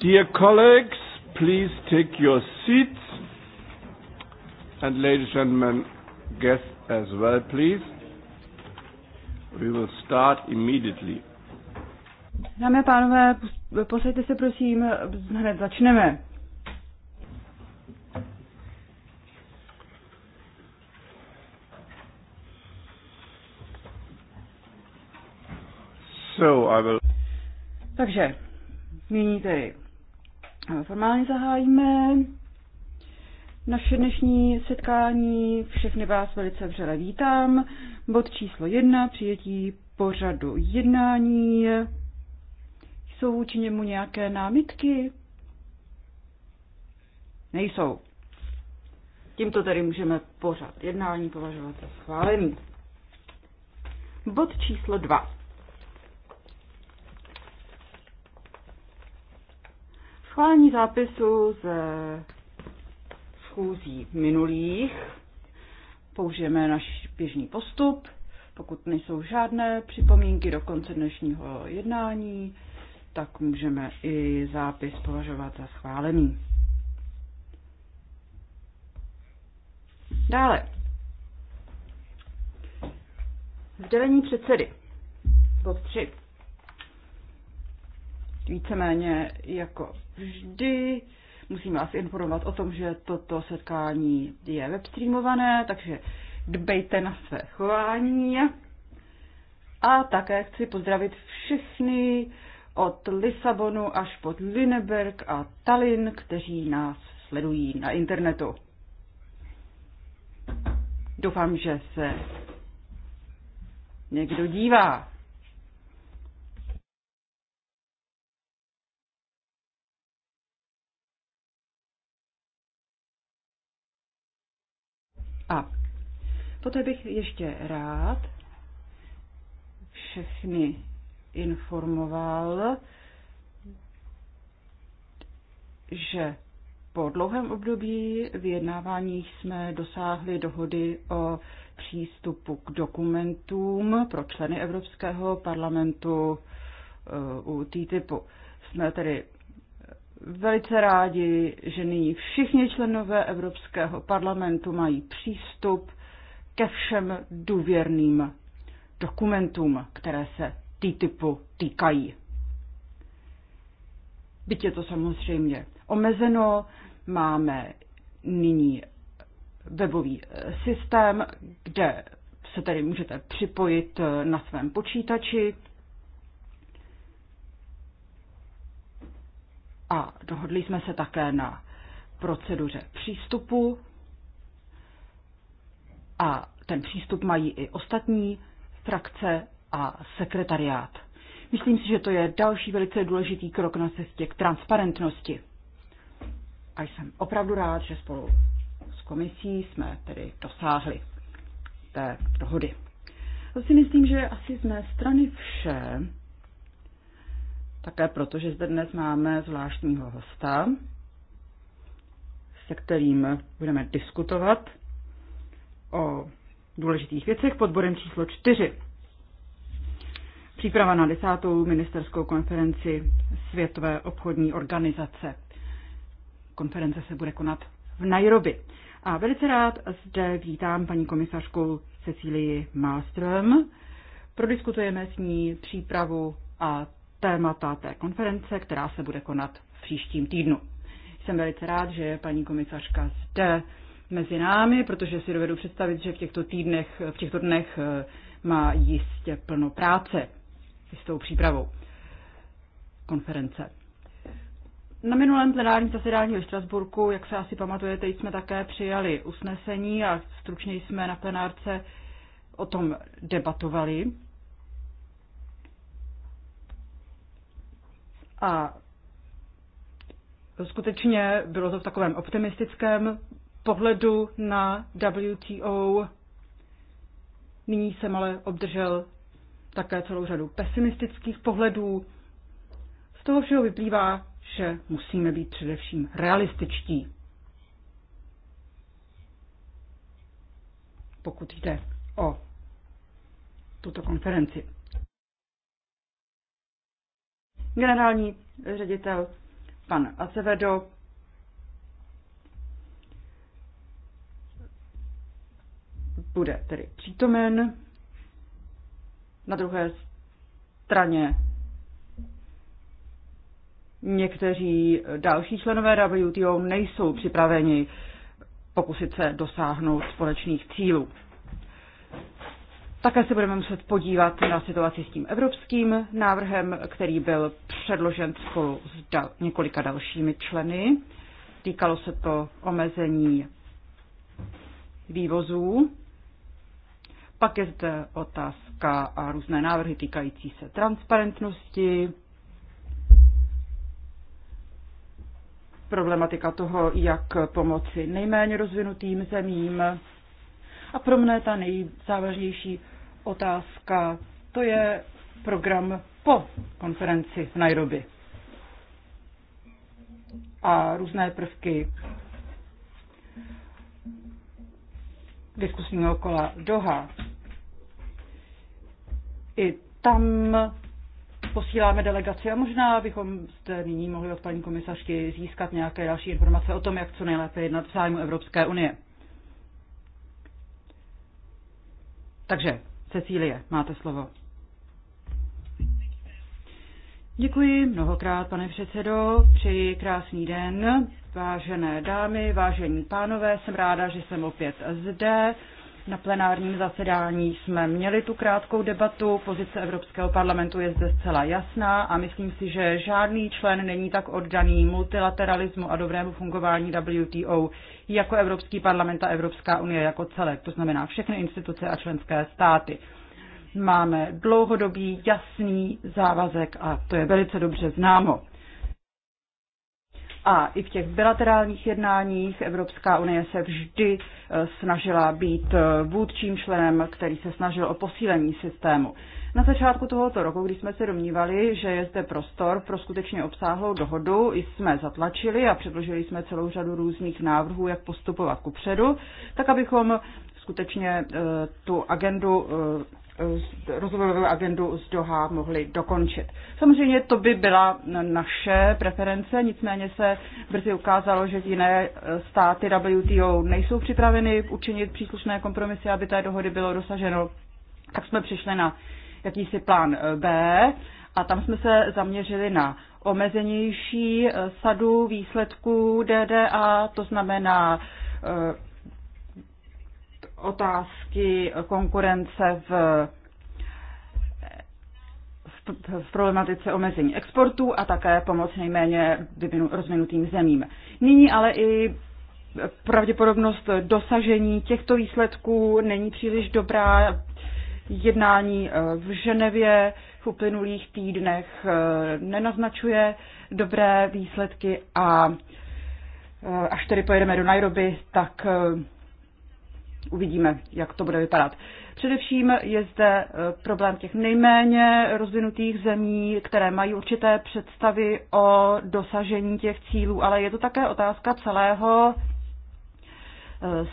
Dear colleagues, please take your seats. And ladies and gentlemen, guests as well, please. We will start immediately. Dámy a pánové, posaďte se prosím, hned začneme. So I will takže nyní tedy eh, formálně zahájíme naše dnešní setkání. Všechny vás velice vřele vítám. Bod číslo jedna, přijetí pořadu jednání. Jsou vůči němu nějaké námitky? Nejsou. Tímto tedy můžeme pořad jednání považovat za schválený. Bod číslo 2. Schválení zápisu ze schůzí minulých. Použijeme náš běžný postup. Pokud nejsou žádné připomínky do konce dnešního jednání, tak můžeme i zápis považovat za schválený. Dále. Sdělení předsedy. Bod 3. Víceméně jako vždy musím vás informovat o tom, že toto setkání je webstreamované, takže dbejte na své chování. A také chci pozdravit všechny od Lisabonu až pod Lineberg a Tallinn, kteří nás sledují na internetu. Doufám, že se někdo dívá. A poté bych ještě rád všechny informoval, že po dlouhém období vyjednávání jsme dosáhli dohody o přístupu k dokumentům pro členy Evropského parlamentu eh, u TTIPu. Jsme tedy velice rádi, že nyní všichni členové Evropského parlamentu mají přístup ke všem důvěrným dokumentům, které se TTIPu týkají. Byť je to samozřejmě omezeno, máme nyní webový eh, systém, kde se tedy můžete připojit eh, na svém počítači A dohodli jsme se také na proceduře přístupu a ten přístup mají i ostatní frakce a sekretariát. Myslím si, že to je další velice důležitý krok na cestě k transparentnosti. A jsem opravdu rád, že spolu s komisí jsme tedy dosáhli té dohody. To si myslím, že asi z mé strany vše také proto, že zde dnes máme zvláštního hosta, se kterým budeme diskutovat o důležitých věcech pod bodem číslo 4. Příprava na desátou ministerskou konferenci Světové obchodní organizace. Konference se bude konat v Nairobi. A velice rád zde vítám paní komisařku Cecílii Malström. Prodiskutujeme s ní přípravu a témata té konference, která se bude konat v příštím týdnu. Jsem velice rád, že je paní komisařka zde mezi námi, protože si dovedu představit, že v těchto týdnech, v těchto dnech eh, má jistě plno práce s tou přípravou konference. Na minulém plenárním zasedání ve Štrasburku, jak se asi pamatujete, jsme také přijali usnesení a stručně jsme na plenárce o tom debatovali. A skutečně bylo to v takovém optimistickém pohledu na WTO. Nyní jsem ale obdržel také celou řadu pesimistických pohledů. Z toho všeho vyplývá, že musíme být především realističtí. Pokud jde o tuto konferenci generální ředitel pan Acevedo bude tedy přítomen. Na druhé straně někteří další členové WTO nejsou připraveni pokusit se dosáhnout společných cílů. Také se budeme muset podívat na situaci s tím evropským návrhem, který byl předložen spolu s dal- několika dalšími členy. Týkalo se to omezení vývozů. Pak je zde otázka a různé návrhy týkající se transparentnosti, problematika toho, jak pomoci nejméně rozvinutým zemím. A pro mne ta nejzávažnější otázka. To je program po konferenci v Nairobi. A různé prvky diskusního kola Doha. I tam posíláme delegaci a možná bychom zde nyní mohli od paní komisařky získat nějaké další informace o tom, jak co nejlépe jednat v zájmu Evropské unie. Takže Cecílie, máte slovo. Děkuji mnohokrát, pane předsedo. Přeji krásný den. Vážené dámy, vážení pánové, jsem ráda, že jsem opět zde. Na plenárním zasedání jsme měli tu krátkou debatu, pozice Evropského parlamentu je zde zcela jasná a myslím si, že žádný člen není tak oddaný multilateralismu a dobrému fungování WTO jako Evropský parlament a Evropská unie jako celek, to znamená všechny instituce a členské státy. Máme dlouhodobý jasný závazek a to je velice dobře známo. A i v těch bilaterálních jednáních Evropská unie se vždy e, snažila být e, vůdčím členem, který se snažil o posílení systému. Na začátku tohoto roku, když jsme se domnívali, že je zde prostor pro skutečně obsáhlou dohodu, jsme zatlačili a předložili jsme celou řadu různých návrhů, jak postupovat kupředu. tak abychom skutečně e, tu agendu rozvojovou agendu z Doha mohli dokončit. Samozřejmě to by byla naše preference, nicméně se brzy ukázalo, že jiné státy WTO nejsou připraveny učinit příslušné kompromisy, aby té dohody bylo dosaženo. Tak jsme přišli na jakýsi plán B a tam jsme se zaměřili na omezenější sadu výsledků DDA, to znamená eh, otázky konkurence v, v, v problematice omezení exportu a také pomoc nejméně rozvinutým zemím. Nyní ale i pravděpodobnost dosažení těchto výsledků není příliš dobrá. Jednání eh, v Ženevě v uplynulých týdnech eh, nenaznačuje dobré výsledky a eh, až tedy pojedeme do Nairobi, tak uvidíme, jak to bude vypadat. Především je zde e, problém těch nejméně rozvinutých zemí, které mají určité představy o dosažení těch cílů, ale je to také otázka celého e,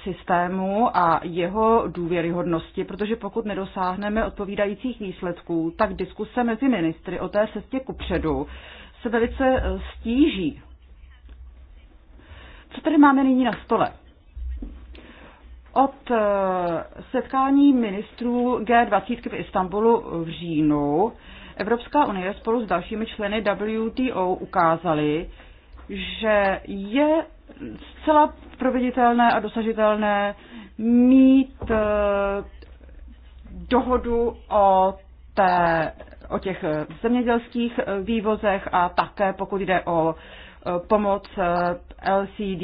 systému a jeho důvěryhodnosti, protože pokud nedosáhneme odpovídajících výsledků, tak diskuse mezi ministry o té cestě kupředu se velice e, stíží. Co tady máme nyní na stole? Od eh, setkání ministrů G20 v Istanbulu v říjnu Evropská unie spolu s dalšími členy WTO ukázali, že je zcela proveditelné a dosažitelné mít eh, dohodu o, té, o těch eh, zemědělských vývozech a také pokud jde o pomoc LCD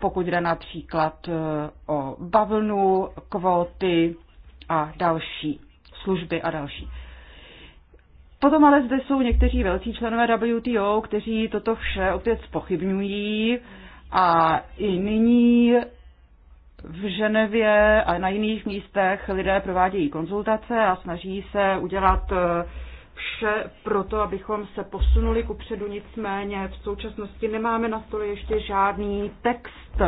pokud jde například e, o bavlnu, kvóty a další služby a další. Potom ale zde jsou někteří velcí členové WTO, kteří toto vše opět spochybňují a i nyní v Ženevě a na jiných místech lidé provádějí konzultace a snaží se udělat e, vše pro to, abychom se posunuli ku předu, nicméně v současnosti nemáme na stole ještě žádný text,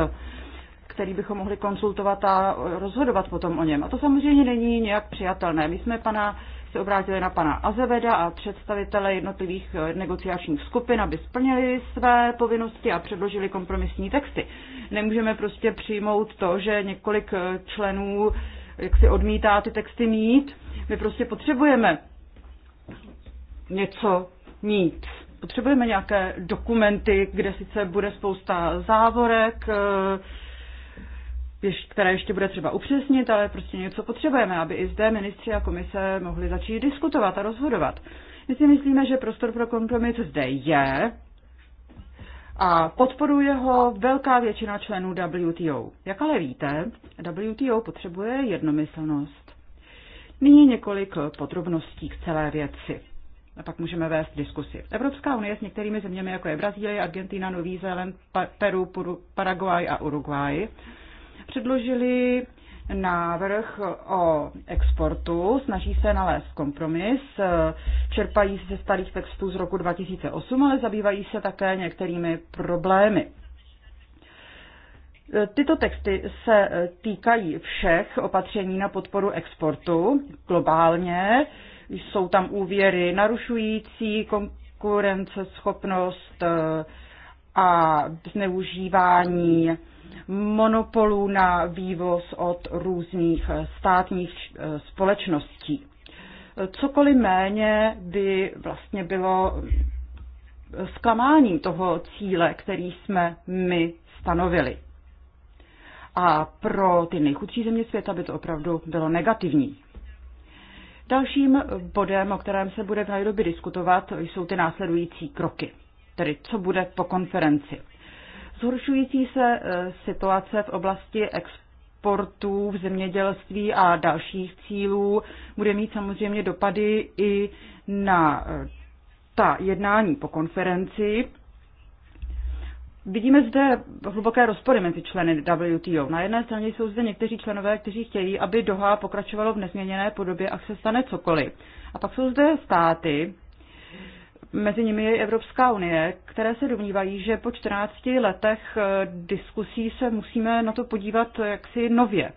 který bychom mohli konsultovat a rozhodovat potom o něm. A to samozřejmě není nějak přijatelné. My jsme pana, se obrátili na pana Azeveda a představitele jednotlivých eh, negociačních skupin, aby splnili své povinnosti a předložili kompromisní texty. Nemůžeme prostě přijmout to, že několik eh, členů eh, jak si odmítá ty texty mít. My prostě potřebujeme něco mít. Potřebujeme nějaké dokumenty, kde sice bude spousta závorek, eh, které ještě bude třeba upřesnit, ale prostě něco potřebujeme, aby i zde ministři a komise mohli začít diskutovat a rozhodovat. My si myslíme, že prostor pro kompromis zde je a podporuje ho velká většina členů WTO. Jak ale víte, WTO potřebuje jednomyslnost. Nyní několik podrobností k celé věci. A pak můžeme vést diskusi. Evropská unie s některými zeměmi, jako je Brazílie, Argentina, Nový Zéland, Peru, Paraguay a Uruguay, předložili návrh o exportu, snaží se nalézt kompromis, čerpají se starých textů z roku 2008, ale zabývají se také některými problémy. Tyto texty se e, týkají všech opatření na podporu exportu globálně. Jsou tam úvěry narušující konkurenceschopnost e, a zneužívání monopolů na vývoz od různých e, státních společností. Cokoliv méně by vlastně bylo zklamáním toho cíle, který jsme my stanovili a pro ty nejchudší země světa by to opravdu bylo negativní. Dalším bodem, o kterém se bude v Nairobi diskutovat, jsou ty následující kroky, tedy co bude po konferenci. Zhoršující se e, situace v oblasti exportů v zemědělství a dalších cílů bude mít samozřejmě dopady i na e, ta jednání po konferenci. Vidíme zde hluboké rozpory mezi členy WTO. Na jedné straně jsou zde někteří členové, kteří chtějí, aby Doha pokračovalo v nezměněné podobě, ať se stane cokoliv. A pak jsou zde státy, mezi nimi je Evropská unie, které se domnívají, že po 14 letech eh, diskusí se musíme na to podívat eh, jaksi nově.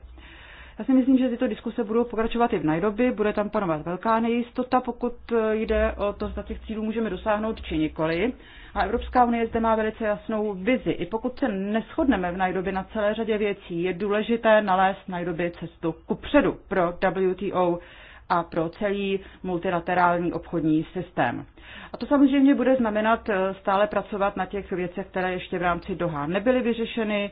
Já si myslím, že tyto diskuse budou pokračovat i v Nairobi, bude tam panovat velká nejistota, pokud eh, jde o to, zda těch cílů můžeme dosáhnout či nikoli. A Evropská unie zde má velice jasnou vizi. I pokud se neschodneme v Nairobi na celé řadě věcí, je důležité nalézt v Nairobi cestu kupředu pro WTO a pro celý multilaterální obchodní systém. A to samozřejmě bude znamenat eh, stále pracovat na těch věcech, které ještě v rámci Doha nebyly vyřešeny,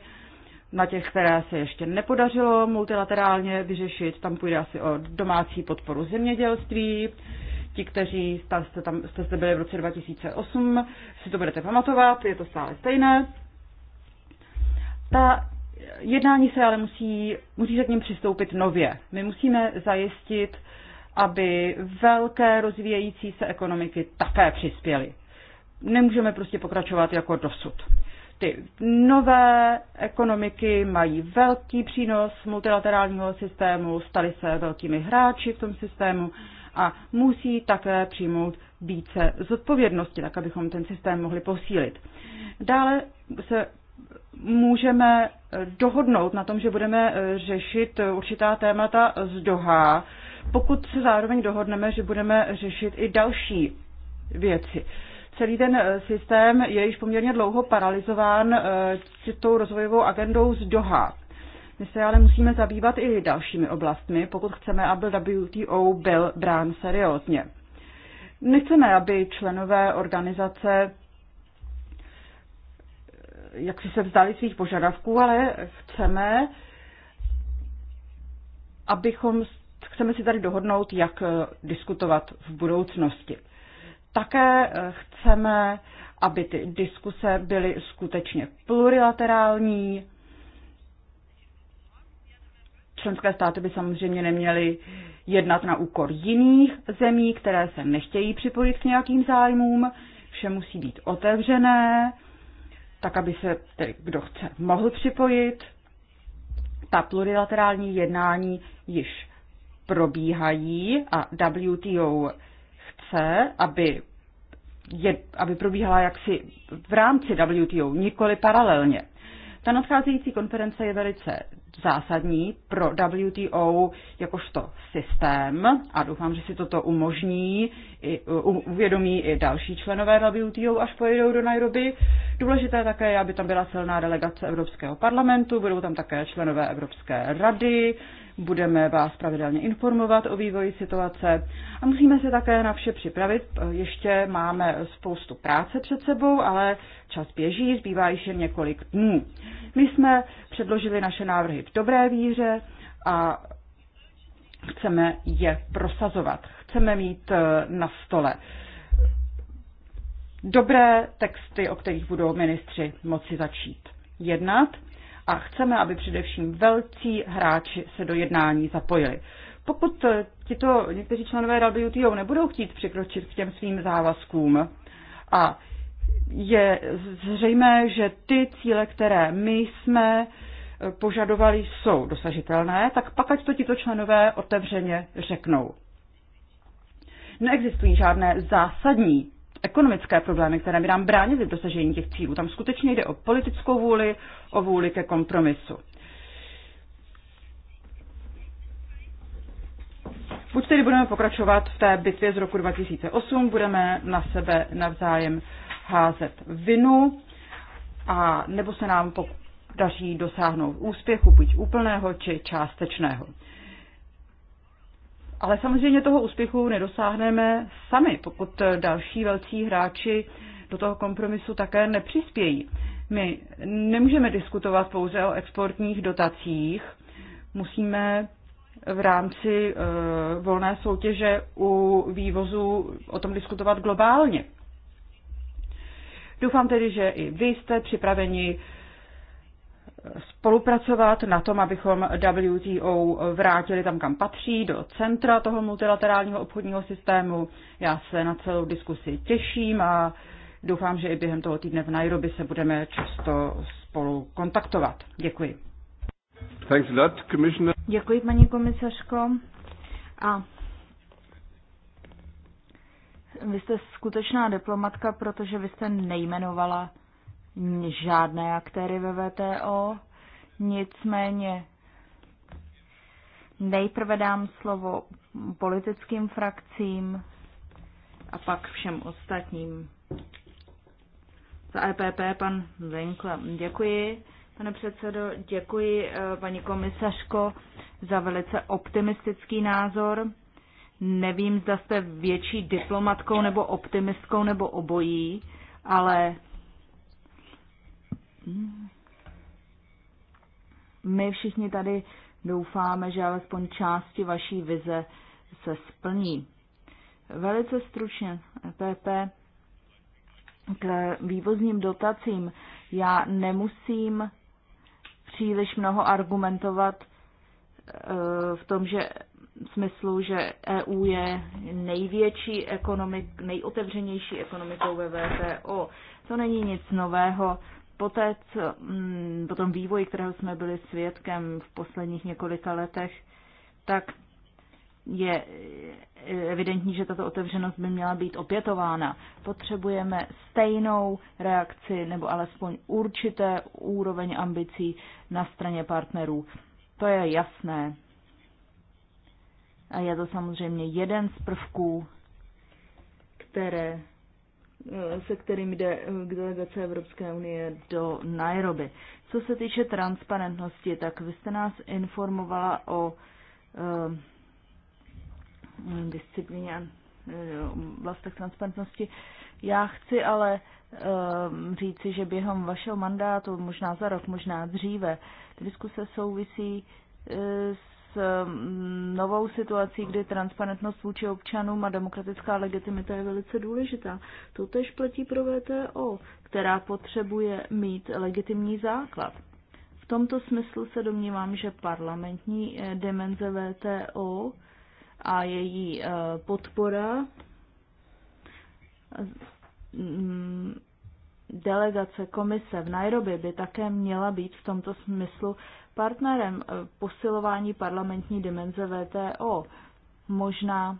na těch, které se ještě nepodařilo multilaterálně vyřešit. Tam půjde asi o domácí podporu zemědělství. Ti, kteří jste, tam, jste zde byli v roce 2008, si to budete pamatovat, je to stále stejné. Ta jednání se ale musí, musí se k ním přistoupit nově. My musíme zajistit, aby velké rozvíjející se ekonomiky také přispěly. Nemůžeme prostě pokračovat jako dosud ty nové ekonomiky mají velký přínos multilaterálního systému, staly se velkými hráči v tom systému a musí také přijmout více zodpovědnosti, tak abychom ten systém mohli posílit. Dále se můžeme dohodnout na tom, že budeme řešit určitá témata z Doha, pokud se zároveň dohodneme, že budeme řešit i další věci celý ten eh, systém je již poměrně dlouho paralizován eh, tou rozvojovou agendou z Doha. My se ale musíme zabývat i dalšími oblastmi, pokud chceme, aby WTO byl brán seriózně. Nechceme, aby členové organizace eh, jak si se vzdali svých požadavků, ale chceme, abychom, chceme si tady dohodnout, jak diskutovat v budoucnosti. Také eh, chceme, aby ty diskuse byly skutečně plurilaterální. Členské státy by samozřejmě neměly jednat na úkor jiných zemí, které se nechtějí připojit k nějakým zájmům. Vše musí být otevřené, tak aby se tedy kdo chce mohl připojit. Ta plurilaterální jednání již probíhají a WTO práce, aby, je, aby probíhala jaksi v rámci WTO, nikoli paralelně. Ta nadcházející konference je velice zásadní pro WTO jakožto systém a doufám, že si toto umožní, i, uvědomí i další členové WTO, až pojedou do Nairobi. Důležité také je, aby tam byla silná delegace Evropského parlamentu, budou tam také členové Evropské rady, budeme vás pravidelně informovat o vývoji situace a musíme se také na vše připravit. Ještě máme spoustu práce před sebou, ale čas běží, zbývá ještě několik dnů. My jsme předložili naše návrhy v dobré víře a chceme je prosazovat. Chceme mít eh, na stole dobré texty, o kterých budou ministři moci začít jednat a chceme, aby především velcí hráči se do jednání zapojili. Pokud tito někteří členové WTO nebudou chtít překročit k těm svým závazkům a je zřejmé, že ty cíle, které my jsme požadovali, jsou dosažitelné, tak pak ať to tito členové otevřeně řeknou. Neexistují žádné zásadní ekonomické problémy, které by nám bránily v dosažení těch cílů. Tam skutečně jde o politickou vůli, o vůli ke kompromisu. Buď tedy budeme pokračovat v té bitvě z roku 2008, budeme na sebe navzájem házet vinu, a nebo se nám daří dosáhnout úspěchu, buď úplného či částečného. Ale samozřejmě toho úspěchu nedosáhneme sami, pokud další velcí hráči do toho kompromisu také nepřispějí. My nemůžeme diskutovat pouze o exportních dotacích, musíme v rámci eh, volné soutěže u vývozu o tom diskutovat globálně. Doufám tedy, že i vy jste připraveni spolupracovat na tom, abychom WTO vrátili tam, kam patří, do centra toho multilaterálního obchodního systému. Já se na celou diskusi těším a doufám, že i během toho týdne v Nairobi se budeme často spolu kontaktovat. Děkuji. Thanks a lot, commissioner. Děkuji, paní komisařko. A vy jste skutečná diplomatka, protože vy jste nejmenovala žádné aktéry ve VTO, nicméně nejprve dám slovo politickým frakcím a pak všem ostatním. Za EPP pan Zenkle. Děkuji, pane předsedo, děkuji, eh, paní komisařko, za velice optimistický názor. Nevím, zda jste větší diplomatkou nebo optimistkou nebo obojí, ale my všichni tady doufáme, že alespoň části vaší vize se splní. Velice stručně, PP, k vývozním dotacím já nemusím příliš mnoho argumentovat eh, v tom, že v smyslu, že EU je největší ekonomik, nejotevřenější ekonomikou ve VTO. To není nic nového. Poté, co, mm, po tom vývoji, kterého jsme byli svědkem v posledních několika letech, tak je evidentní, že tato otevřenost by měla být opětována. Potřebujeme stejnou reakci nebo alespoň určité úroveň ambicí na straně partnerů. To je jasné. A je to samozřejmě jeden z prvků, které se kterým jde eh, k delegace Evropské unie do Nairobi. Co se týče transparentnosti, tak vy jste nás informovala o um, disciplíně vlastech eh, transparentnosti. Já chci ale um, říci, že během vašeho mandátu, možná za rok, možná dříve, ty diskuse souvisí uh, s s mm, novou situací, kdy transparentnost vůči občanům a demokratická legitimita je velice důležitá. To tež platí pro VTO, která potřebuje mít legitimní základ. V tomto smyslu se domnívám, že parlamentní eh, dimenze VTO a její eh, podpora mm, delegace komise v Nairobi by také měla být v tomto smyslu partnerem eh, posilování parlamentní dimenze VTO. Možná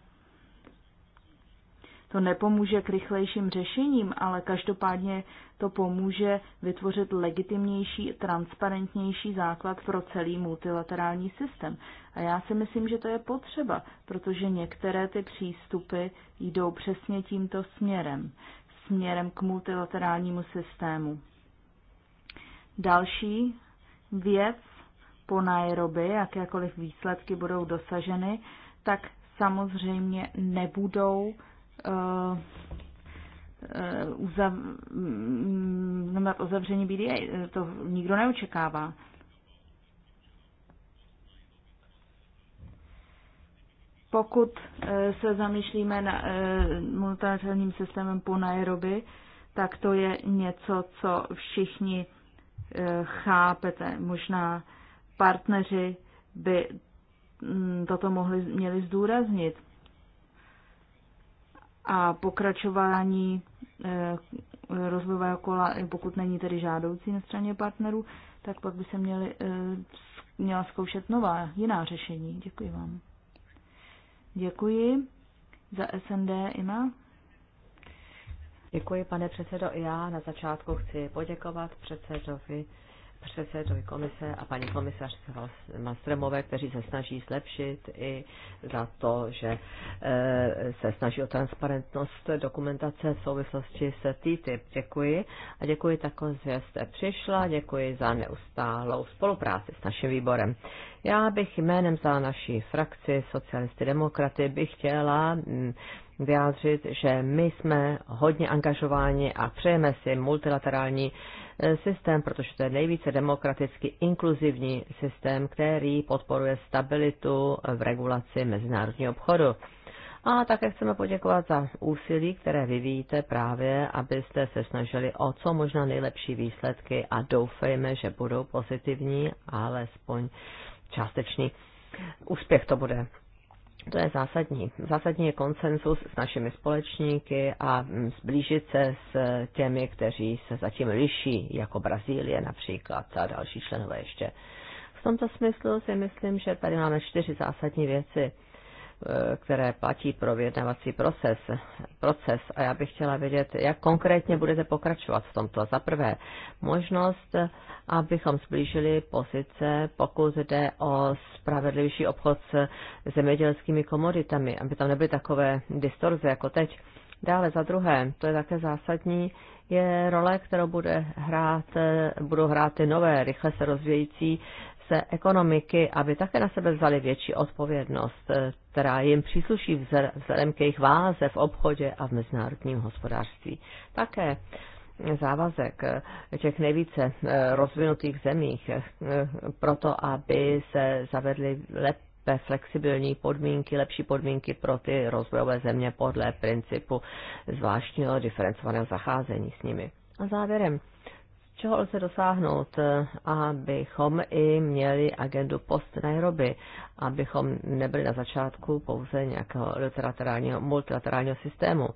to nepomůže k rychlejším řešením, ale každopádně to pomůže vytvořit legitimnější, transparentnější základ pro celý multilaterální systém. A já si myslím, že to je potřeba, protože některé ty přístupy jdou přesně tímto směrem, směrem k multilaterálnímu systému. Další věc, po Nairobi, jakékoliv výsledky budou dosaženy, tak samozřejmě nebudou uh, uzav, uzavření mm, BDA. To nikdo neočekává. Pokud eh, se zamýšlíme na multilaterálním systémem po Nairobi, tak to je něco, co všichni chápete. Možná partneři by mm, toto mohli, měli zdůraznit. A pokračování eh, rozvojového kola, pokud není tedy žádoucí na straně partnerů, tak pak by se měli, eh, měla zkoušet nová, jiná řešení. Děkuji vám. Děkuji. Za SND Ima. Děkuji, pane předsedo. Já na začátku chci poděkovat předsedovi předsedovi komise a paní komisařce Mastremové, kteří se snaží zlepšit i za to, že e, se snaží o transparentnost dokumentace v souvislosti se TTIP. Děkuji a děkuji tako, že jste přišla, děkuji za neustálou spolupráci s naším výborem. Já bych jménem za naší frakci socialisty demokraty bych chtěla mm, vyjádřit, že my jsme hodně angažováni a přejeme si multilaterální e, systém, protože to je nejvíce demokraticky inkluzivní systém, který podporuje stabilitu v regulaci mezinárodního obchodu. A také chceme poděkovat za úsilí, které vyvíjíte právě, abyste se snažili o co možná nejlepší výsledky a doufejme, že budou pozitivní, alespoň částečný úspěch to bude. To je zásadní. Zásadní je konsenzus s našimi společníky a mm, zblížit se s těmi, kteří se zatím liší, jako Brazílie například a další členové ještě. V tomto smyslu si myslím, že tady máme čtyři zásadní věci Eh, které platí pro vyjednávací proces, proces. A já bych chtěla vědět, jak konkrétně budete pokračovat v tomto. Za prvé, možnost, abychom zblížili pozice, pokud jde o spravedlivější obchod s zemědělskými komoditami, aby tam nebyly takové distorze jako teď. Dále za druhé, to je také zásadní, je role, kterou bude hrát, eh, budou hrát ty nové, rychle se rozvějící se ekonomiky, aby také na sebe vzali větší odpovědnost, eh, která jim přísluší vzhledem k jejich váze v obchodě a v mezinárodním hospodářství. Také závazek eh, těch nejvíce eh, rozvinutých zemích proto, aby se zavedly lepší lépe flexibilní podmínky, lepší podmínky pro ty rozvojové země podle principu zvláštního diferencovaného zacházení s nimi. A závěrem čeho lze dosáhnout, eh, abychom i měli agendu post Nairobi, abychom nebyli na začátku pouze nějakého literaturálního, multilaterálního systému.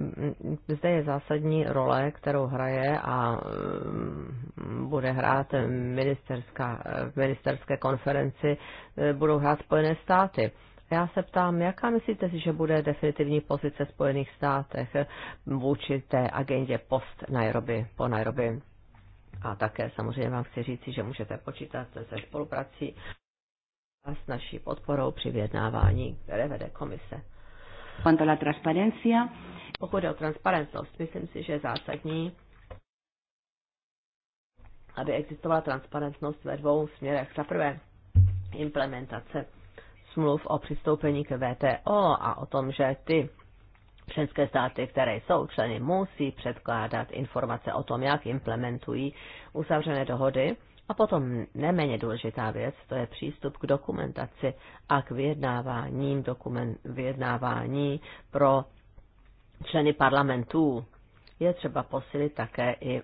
Hm, zde je zásadní role, kterou hraje a hm, bude hrát ministerská, eh, ministerské konferenci, eh, budou hrát Spojené státy já se ptám, jaká myslíte si, že bude definitivní pozice Spojených státech vůči té agendě post Nairobi, po Nairobi? A také samozřejmě vám chci říci, že můžete počítat se spoluprací a s naší podporou při vyjednávání, které vede komise. Quanto la transparencia. Pokud je o transparentnost, myslím si, že je zásadní, aby existovala transparentnost ve dvou směrech. Za prvé, implementace smluv o přistoupení k VTO a o tom, že ty Členské státy, které jsou členy, musí předkládat informace o tom, jak implementují uzavřené dohody. A potom neméně důležitá věc, to je přístup k dokumentaci a k vyjednáváním, dokument, vyjednávání pro členy parlamentů je třeba posilit také i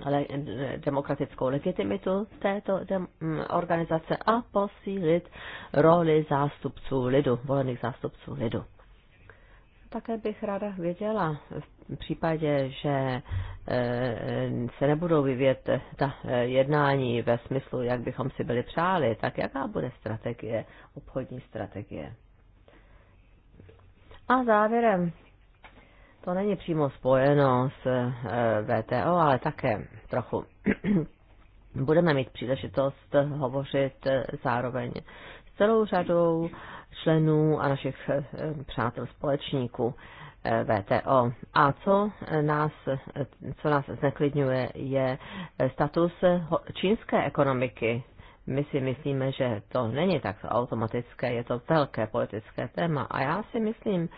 demokratickou legitimitu této mm, organizace a posílit roli zástupců lidu, volených zástupců lidu. Také bych ráda věděla, v případě, že eh, se nebudou vyvět ta eh, jednání ve smyslu, jak bychom si byli přáli, tak jaká bude strategie, obchodní strategie. A závěrem to není přímo spojeno s eh, VTO, ale také trochu budeme mít příležitost hovořit eh, zároveň s celou řadou členů a našich eh, přátel společníků VTO. A co nás, co nás zneklidňuje, je status čínské ekonomiky. My si myslíme, že to není tak automatické, je to velké politické téma. A já si myslím,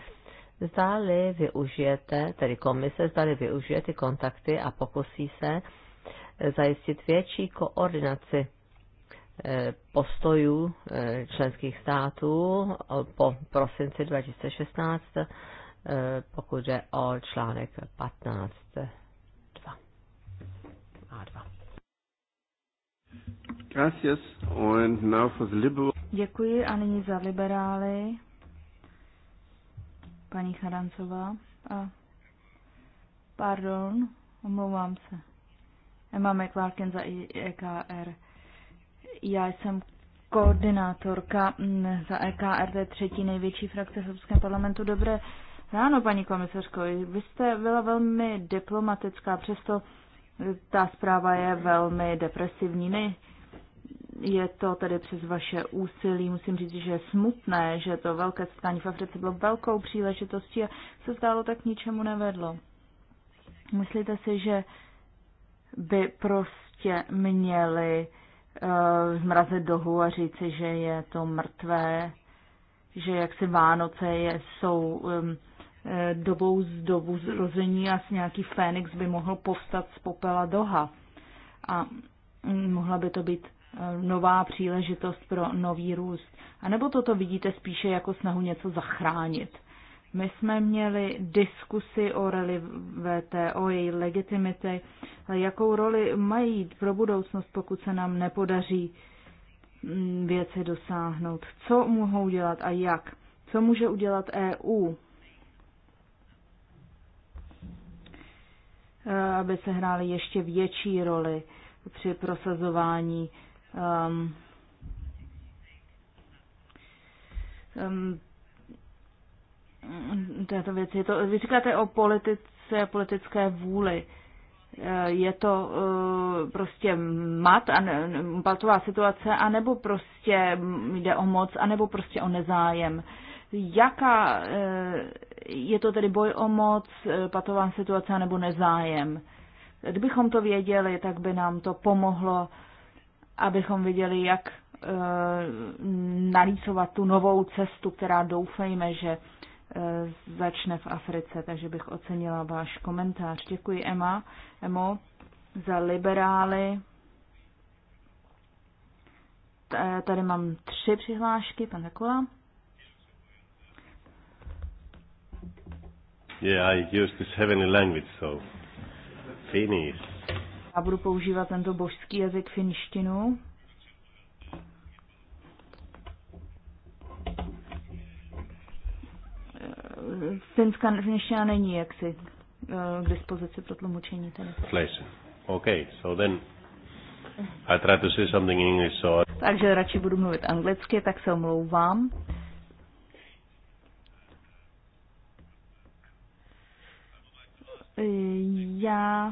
zdali využijete, tedy komise, zdali využije ty kontakty a pokusí se eh, zajistit větší koordinaci eh, postojů eh, členských států po prosinci 2016, pokud je o článek 15. Gracias. now for the liberal... Děkuji a nyní za liberály paní Charancová. A pardon, omlouvám se. Emma McClarkin za EKR. Já jsem koordinátorka mm, za EKR, to je třetí největší frakce v Evropském parlamentu. Dobré ráno, paní komisařko. Vy jste byla velmi diplomatická, přesto ta zpráva je velmi depresivní. Ne, je to tedy přes vaše úsilí. Musím říct, že je smutné, že to velké setkání v Africe bylo velkou příležitostí a se zdálo tak ničemu nevedlo. Myslíte si, že by prostě měli uh, zmrazit dohu a říci, že je to mrtvé, že jaksi Vánoce je, jsou um, dobou z dobu zrození a nějaký Fénix by mohl povstat z popela doha. A mohla by to být Eh, nová příležitost pro nový růst. A nebo toto vidíte spíše jako snahu něco zachránit? My jsme měli diskusy o roli VTO, její legitimitě, jakou roli mají pro budoucnost, pokud se nám nepodaří mm, věci dosáhnout. Co mohou dělat a jak? Co může udělat EU? Eh, aby se hrály ještě větší roli při prosazování Um, um, mm, této věci. To, vy říkáte o politice, politické vůli. Eh, je to eh, prostě mat, a ne, patová situace, anebo prostě jde o moc, anebo prostě o nezájem. Jaká eh, je to tedy boj o moc, patová situace, anebo nezájem? Kdybychom to věděli, tak by nám to pomohlo abychom viděli, jak e, eh, narýsovat tu novou cestu, která doufejme, že e, začne v Africe. Takže bych ocenila váš komentář. Děkuji Emma, Emo za liberály. Tady mám tři přihlášky, pan Takula. Yeah, I use this heavenly language, so Finnish. Já budu používat tento božský jazyk finštinu. Finská finština není jaksi eh, k dispozici pro tlumočení tady. Okay, so then I try to say something in English, so... Takže radši budu mluvit anglicky, tak se omlouvám. Já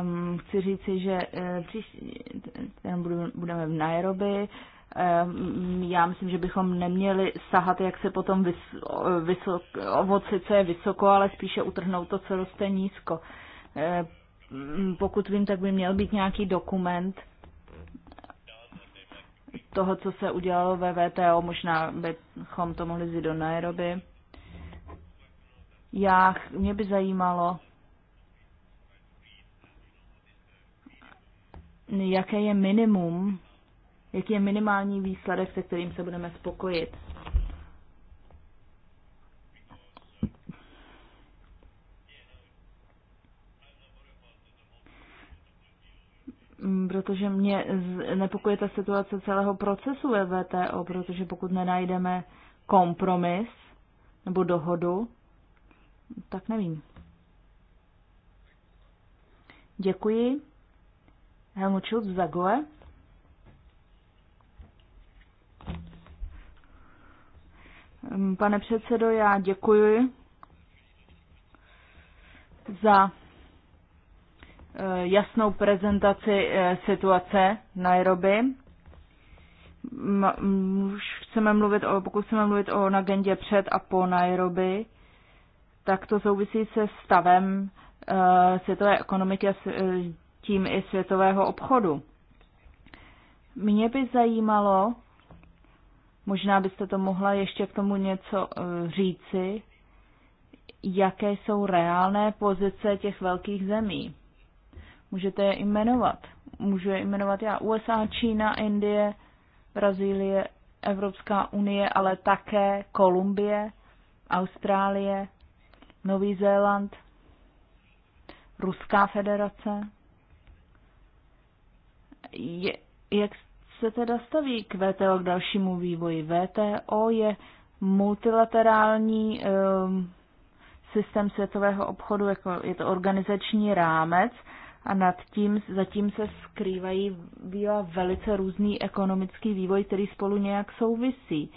Um, chci říci, že uh, eh, příští, eh, budeme v Nairobi. Um, já myslím, že bychom neměli sahat, jak se potom vys, vysok, ovoci, co je vysoko, ale spíše utrhnout to, co roste nízko. Um, pokud vím, tak by měl být nějaký dokument toho, co se udělalo ve VTO. Možná bychom to mohli vzít do Nairobi. Já, mě by zajímalo, jaké je minimum, jaký je minimální výsledek, se kterým se budeme spokojit. Mm, protože mě nepokojí ta situace celého procesu ve VTO, protože pokud nenajdeme kompromis nebo dohodu, tak nevím. Děkuji. Helmut Schulz za GOE. Pane předsedo, já děkuji za eh, jasnou prezentaci eh, situace v Nairobi. Už chceme mluvit o, pokud chceme mluvit o agendě před a po Nairobi, tak to souvisí se stavem eh, světové ekonomiky a tím i světového obchodu. Mě by zajímalo, možná byste to mohla ještě k tomu něco eh, říci, jaké jsou reálné pozice těch velkých zemí. Můžete je jmenovat. Můžu je jmenovat já. USA, Čína, Indie, Brazílie, Evropská unie, ale také Kolumbie, Austrálie, Nový Zéland, Ruská federace je, jak se teda staví k VTO k dalšímu vývoji? VTO je multilaterální um, systém světového obchodu, jako je to organizační rámec a nad tím zatím se skrývají bývá velice různý ekonomický vývoj, který spolu nějak souvisí.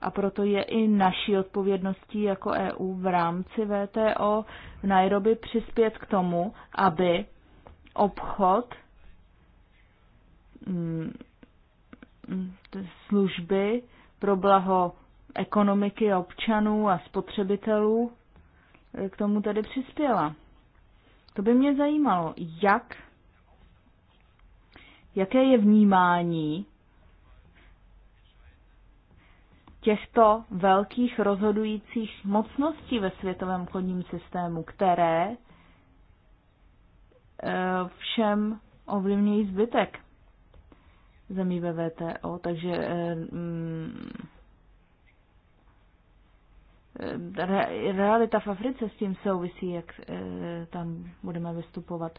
A proto je i naší odpovědností jako EU v rámci VTO v Nairobi přispět k tomu, aby obchod Mm, mm, služby pro blaho ekonomiky občanů a spotřebitelů eh, k tomu tedy přispěla. To by mě zajímalo, jak, jaké je vnímání těchto velkých rozhodujících mocností ve světovém chodním systému, které eh, všem ovlivňují zbytek zemí ve VTO, takže eh, mm, realita v Africe s tím souvisí, jak eh, tam budeme vystupovat.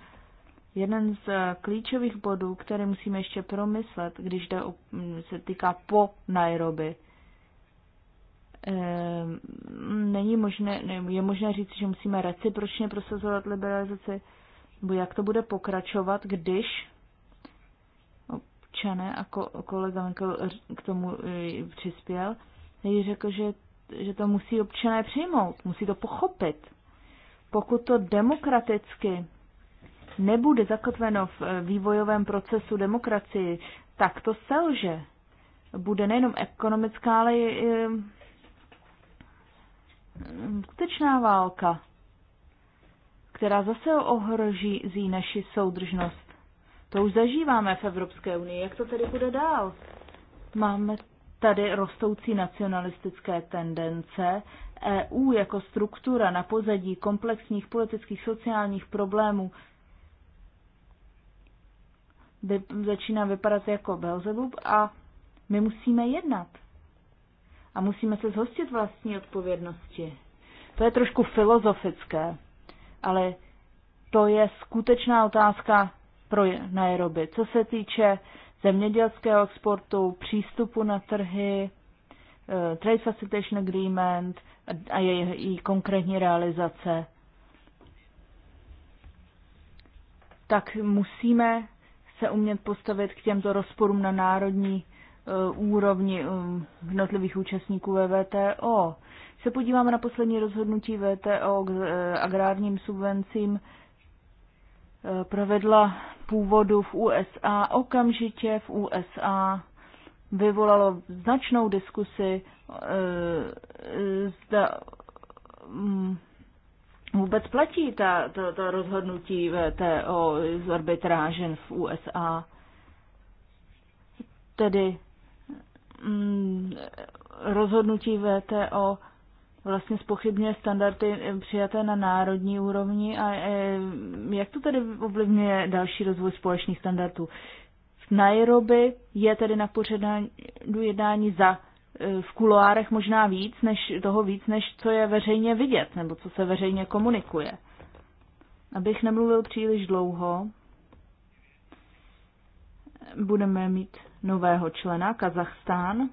Jeden z eh, klíčových bodů, který musíme ještě promyslet, když jde o, mm, se týká po Nairobi, není možné, je možné říct, že musíme recipročně prosazovat liberalizaci, nebo jak to bude pokračovat, když občané a kolega Mikl k tomu e, přispěl, který řekl, že, že to musí občané přijmout, musí to pochopit. Pokud to demokraticky nebude zakotveno v e, vývojovém procesu demokracii, tak to selže. Bude nejenom ekonomická, ale i e, skutečná válka, která zase ohroží zí naši soudržnost to už zažíváme v Evropské unii. Jak to tedy bude dál? Máme tady rostoucí nacionalistické tendence. EU jako struktura na pozadí komplexních politických sociálních problémů by, začíná vypadat jako Belzebub a my musíme jednat. A musíme se zhostit vlastní odpovědnosti. To je trošku filozofické, ale to je skutečná otázka pro Nairobi. Co se týče zemědělského exportu, přístupu na trhy, eh, Trade Facilitation Agreement a její konkrétní realizace, tak musíme se umět postavit k těmto rozporům na národní eh, úrovni eh, jednotlivých účastníků ve VTO. Se podíváme na poslední rozhodnutí VTO k agrárním subvencím, provedla původu v USA, okamžitě v USA vyvolalo značnou diskusi, eh, zda mm, vůbec platí ta, ta, ta rozhodnutí VTO z arbitrážen v USA. Tedy mm, rozhodnutí VTO vlastně spochybňuje standardy eh, přijaté na národní úrovni a eh, jak to tedy ovlivňuje další rozvoj společných standardů. V Nairobi je tedy na pořadu jednání za eh, v kuloárech možná víc, než toho víc, než co je veřejně vidět, nebo co se veřejně komunikuje. Abych nemluvil příliš dlouho, budeme mít nového člena Kazachstán,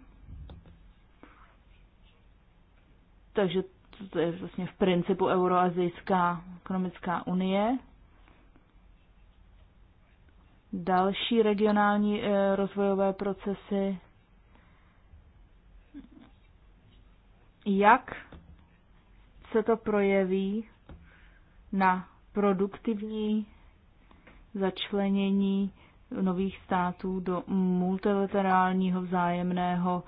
Takže to je vlastně v principu Euroazijská ekonomická unie. Další regionální eh, rozvojové procesy. Jak se to projeví na produktivní začlenění nových států do multilaterálního vzájemného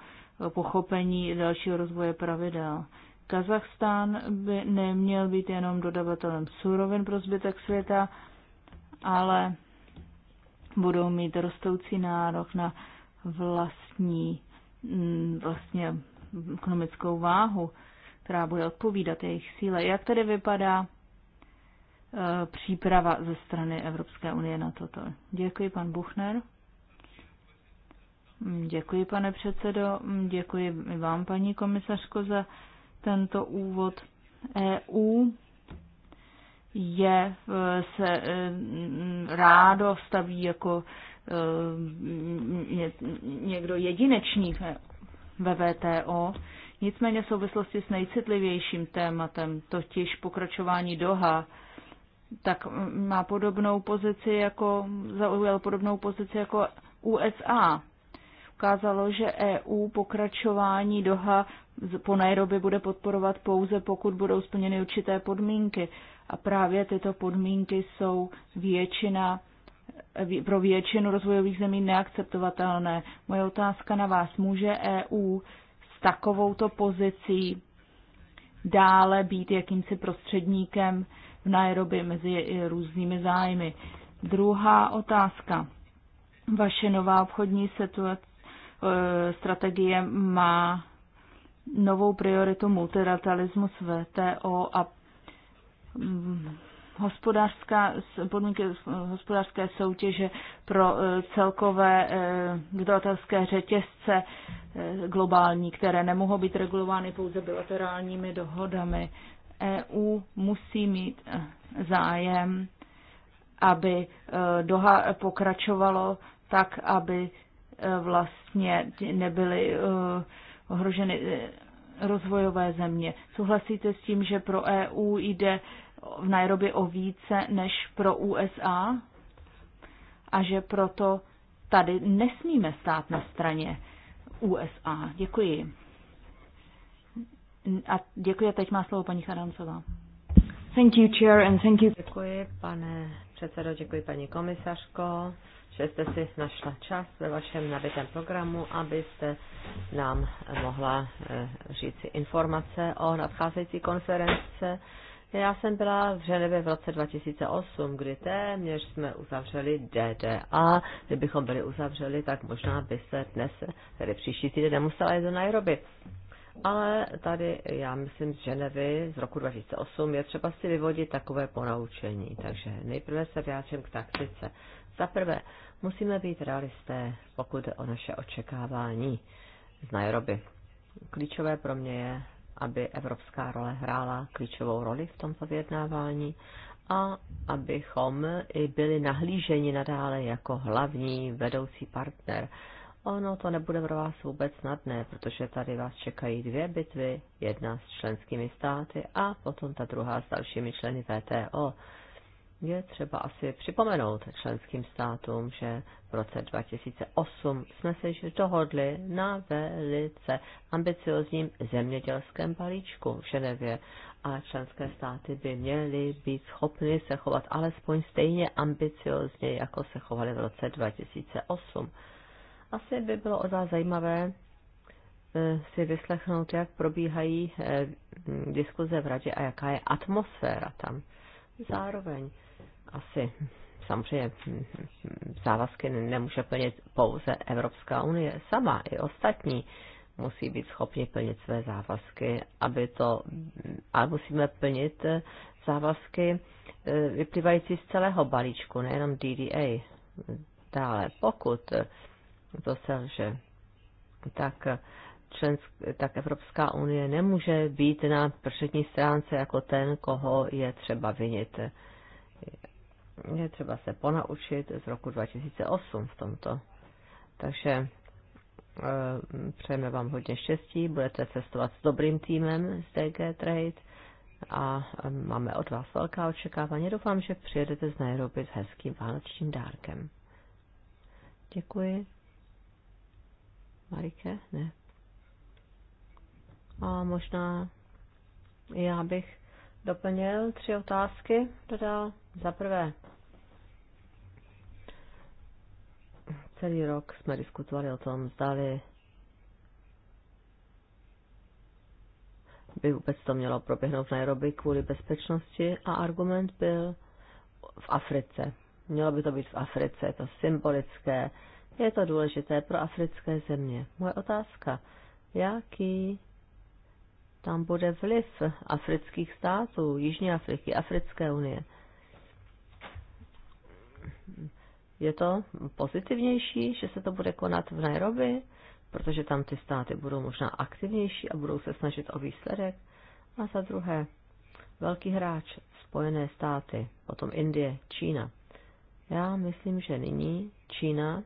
eh, pochopení dalšího rozvoje pravidel. Kazachstán by neměl být jenom dodavatelem surovin pro zbytek světa, ale budou mít rostoucí nárok na vlastní mm, vlastně ekonomickou váhu, která bude odpovídat jejich síle. Jak tedy vypadá e, příprava ze strany Evropské unie na toto? Děkuji, pan Buchner. Děkuji, pane předsedo. Děkuji vám, paní komisařko, za tento úvod. EU je e, se e, rádo staví jako e, někdo jedinečný ve VTO, nicméně v souvislosti s nejcitlivějším tématem, totiž pokračování Doha, tak má podobnou pozici jako, zaujal podobnou pozici jako USA. Ukázalo, že EU pokračování Doha po Nairobi bude podporovat pouze, pokud budou splněny určité podmínky. A právě tyto podmínky jsou většina, pro většinu rozvojových zemí neakceptovatelné. Moje otázka na vás. Může EU s takovouto pozicí dále být jakýmsi prostředníkem v Nairobi mezi různými zájmy? Druhá otázka. Vaše nová obchodní situace, eh, strategie má novou prioritu multilateralismu mm, s VTO a hospodářská, podmínky hospodářské soutěže pro e, celkové e, dodatelské řetězce e, globální, které nemohou být regulovány pouze bilaterálními dohodami. EU musí mít zájem, aby doha pokračovalo tak, aby vlastně nebyly ohroženy eh, rozvojové země. Souhlasíte s tím, že pro EU jde v Nairobi o více než pro USA a že proto tady nesmíme stát na straně USA. Děkuji. A děkuji, a teď má slovo paní Charancová. Thank you, chair, and thank you. Děkuji, pane předsedo, děkuji, paní komisařko že jste si našla čas ve vašem nabitém programu, abyste nám mohla eh, říct informace o nadcházející konference. Já jsem byla v Ženevě v roce 2008, kdy téměř jsme uzavřeli DDA. Kdybychom byli uzavřeli, tak možná by se dnes, tedy příští týden, nemusela jít do Nairobi. Ale tady, já myslím, z Ženevy z roku 2008 je třeba si vyvodit takové ponaučení. Takže nejprve se vyjádřím k taktice. Za prvé, Musíme být realisté, pokud jde o naše očekávání z Nairobi. Klíčové pro mě je, aby evropská role hrála klíčovou roli v tomto vyjednávání a abychom i byli nahlíženi nadále jako hlavní vedoucí partner. Ono to nebude pro vás vůbec snadné, protože tady vás čekají dvě bitvy, jedna s členskými státy a potom ta druhá s dalšími členy VTO je třeba asi připomenout členským státům, že v roce 2008 jsme se již dohodli na velice ambiciozním zemědělském balíčku v Ženevě a členské státy by měly být schopny se chovat alespoň stejně ambiciozně, jako se chovaly v roce 2008. Asi by bylo od vás zajímavé eh, si vyslechnout, jak probíhají eh, diskuze v radě a jaká je atmosféra tam. Zároveň asi samozřejmě závazky nemůže plnit pouze Evropská unie sama, i ostatní musí být schopni plnit své závazky, aby to, ale musíme plnit závazky e, vyplývající z celého balíčku, nejenom DDA. Dále, pokud to selže, tak, člensk, tak Evropská unie nemůže být na první stránce jako ten, koho je třeba vinit je třeba se ponaučit z roku 2008 v tomto. Takže eh, přejeme vám hodně štěstí, budete cestovat s dobrým týmem z DG Trade a eh, máme od vás velká očekávání. Doufám, že přijedete z Nairobi s hezkým vánočním dárkem. Děkuji. Marike? Ne. A možná já bych doplnil tři otázky, dodal. Za prvé, Celý rok jsme diskutovali o tom, zdali by vůbec to mělo proběhnout v Nairobi kvůli bezpečnosti a argument byl v Africe. Mělo by to být v Africe, je to symbolické, je to důležité pro africké země. Moje otázka, jaký tam bude vliv afrických států, Jižní Afriky, Africké unie? Je to pozitivnější, že se to bude konat v Nairobi, protože tam ty státy budou možná aktivnější a budou se snažit o výsledek. A za druhé, velký hráč, Spojené státy, potom Indie, Čína. Já myslím, že nyní Čína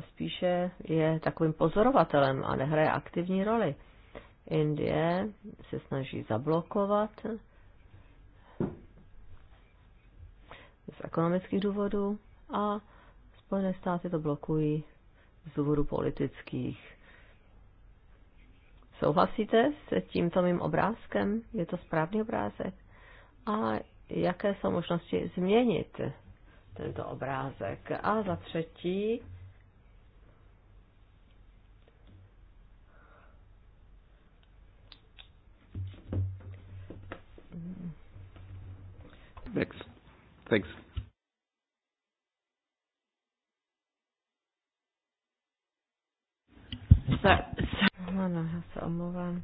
spíše je takovým pozorovatelem a nehraje aktivní roli. Indie se snaží zablokovat z ekonomických důvodů a Spojené státy to blokují z důvodu politických. Souhlasíte s tímto mým obrázkem? Je to správný obrázek? A jaké jsou možnosti změnit tento obrázek? A za třetí, Thanks. Thanks. Ano, já se omlouvám.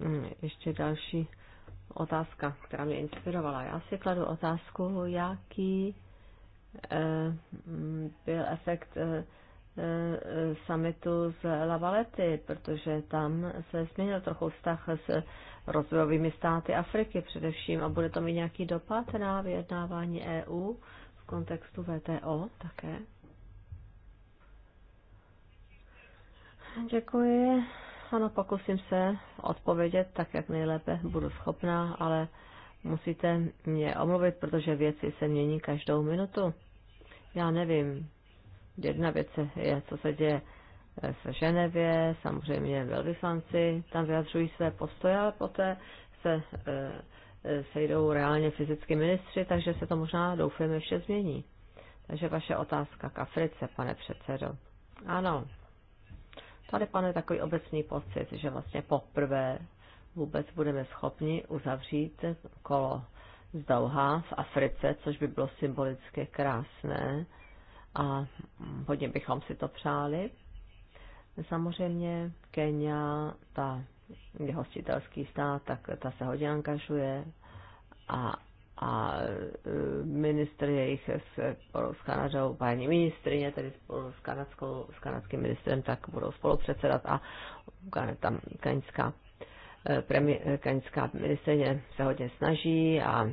Mm, ještě další otázka, která mě inspirovala. Já si kladu otázku, jaký eh, mm, byl efekt eh, eh, summitu z Lavalety, protože tam se změnil trochu vztah s rozvojovými státy Afriky především a bude to mít nějaký dopad na vyjednávání EU v kontextu VTO také? Děkuji. Ano, pokusím se odpovědět tak, jak nejlépe budu schopná, ale musíte mě omluvit, protože věci se mění každou minutu. Já nevím. Jedna věc je, co se děje v Ženevě, samozřejmě velvyslanci tam vyjadřují své postoje, ale poté se e, e, sejdou reálně fyzicky ministři, takže se to možná, doufujeme ještě změní. Takže vaše otázka k Africe, pane předsedo. Ano, Tady panuje takový obecný pocit, že vlastně poprvé vůbec budeme schopni uzavřít kolo z Dauha v Africe, což by bylo symbolicky krásné a hodně bychom si to přáli. Samozřejmě Kenia, ta je hostitelský stát, tak ta se hodně angažuje a a e, ministr jejich spolu s Kanadou, paní ministrině, tedy spolu s, kanadskou, s kanadským ministrem, tak budou spolu předsedat a tam kanická, e, premi, e, kanická ministrině se hodně snaží a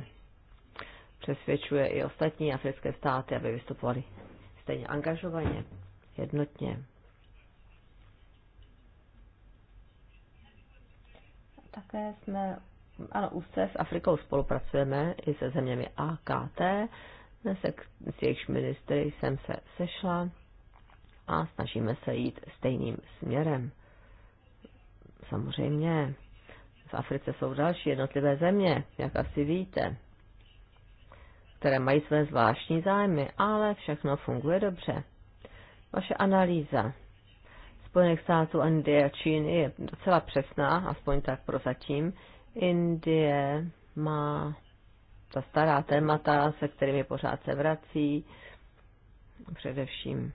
přesvědčuje i ostatní africké státy, aby vystupovali stejně angažovaně, jednotně. Také jsme ano, úzce s Afrikou spolupracujeme i se zeměmi AKT, se, s jejichž ministry jsem se sešla a snažíme se jít stejným směrem. Samozřejmě, v Africe jsou další jednotlivé země, jak asi víte, které mají své zvláštní zájmy, ale všechno funguje dobře. Vaše analýza Spojených států, Indie a Číny je docela přesná, aspoň tak prozatím. Indie má ta stará témata, se kterými pořád se vrací, především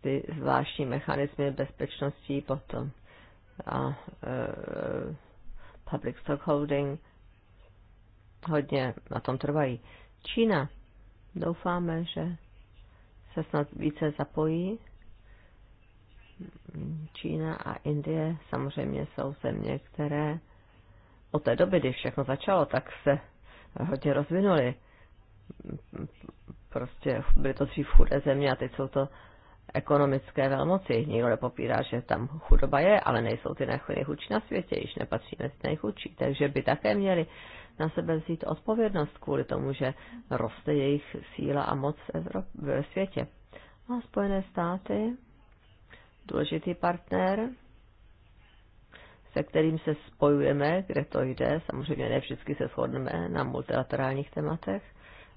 ty zvláštní mechanismy bezpečnosti potom a e, public stockholding hodně na tom trvají. Čína, doufáme, že se snad více zapojí Čína a Indie samozřejmě jsou země, které od té doby, kdy všechno začalo, tak se hodně rozvinuly. Prostě byly to dřív chudé země a teď jsou to ekonomické velmoci. Nikdo nepopírá, že tam chudoba je, ale nejsou ty nejchudší na světě, již nepatří mezi nejchudší. Takže by také měli na sebe vzít odpovědnost kvůli tomu, že roste jejich síla a moc ve světě. A Spojené státy důležitý partner, se kterým se spojujeme, kde to jde. Samozřejmě ne vždycky se shodneme na multilaterálních tématech.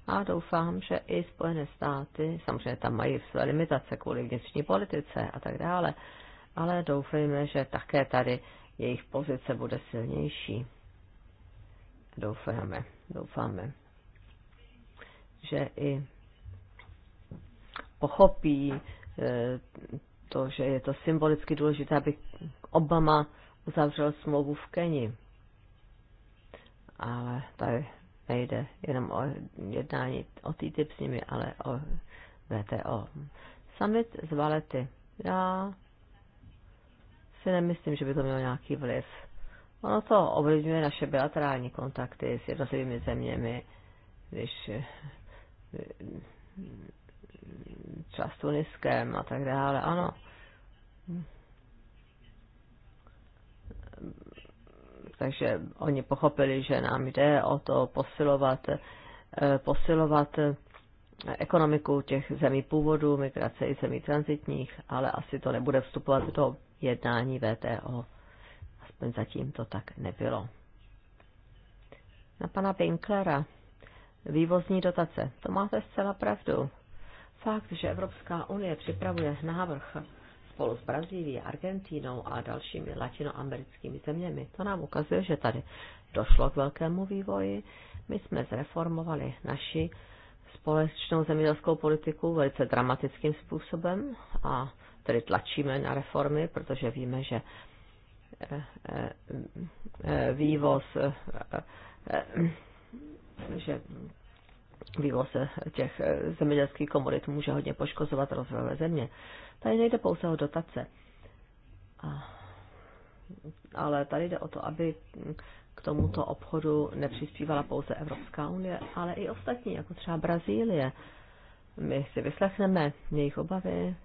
A doufám, že i Spojené státy, samozřejmě tam mají své limitace kvůli vnitřní politice a tak dále, ale doufejme, že také tady jejich pozice bude silnější. Doufáme, doufáme, že i pochopí eh, to, že je to symbolicky důležité, aby Obama uzavřel smlouvu v Keni. Ale tady nejde jenom o jednání o TTIP s nimi, ale o VTO. Summit z Valety. Já si nemyslím, že by to mělo nějaký vliv. Ono to ovlivňuje naše bilaterální kontakty s jednotlivými zeměmi, když třeba s Tuniskem a tak dále, ano. Takže oni pochopili, že nám jde o to posilovat, eh, posilovat eh, ekonomiku těch zemí původu, migrace i zemí transitních, ale asi to nebude vstupovat do jednání VTO. Aspoň zatím to tak nebylo. Na pana Pinklera. Vývozní dotace. To máte zcela pravdu. Fakt, že Evropská unie připravuje návrh spolu s Brazílií, Argentínou a dalšími latinoamerickými zeměmi, to nám ukazuje, že tady došlo k velkému vývoji. My jsme zreformovali naši společnou zemědělskou politiku velice dramatickým způsobem a tedy tlačíme na reformy, protože víme, že eh, eh, eh, vývoz že vývoz eh, těch eh, zemědělských komodit může hodně poškozovat rozvojové země. Tady nejde pouze o dotace. Ale tady jde o to, aby k tomuto obchodu nepřispívala pouze Evropská unie, ale i ostatní, jako třeba Brazílie. My si vyslechneme jejich obavy,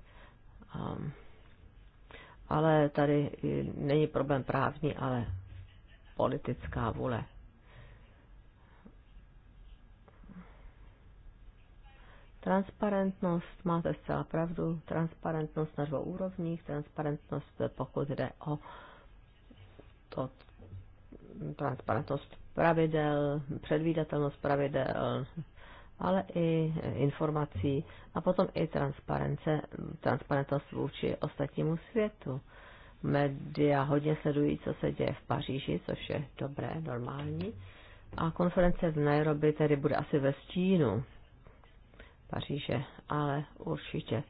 ehm, ale tady není problém právní, ale politická vůle. Transparentnost, máte zcela pravdu, transparentnost na dvou úrovních, transparentnost pokud jde o to, transparentnost pravidel, předvídatelnost pravidel, ale i informací a potom i transparence, transparentnost vůči ostatnímu světu. Média hodně sledují, co se děje v Paříži, což je dobré, normální. A konference v Nairobi tedy bude asi ve stínu Paříže, ale určitě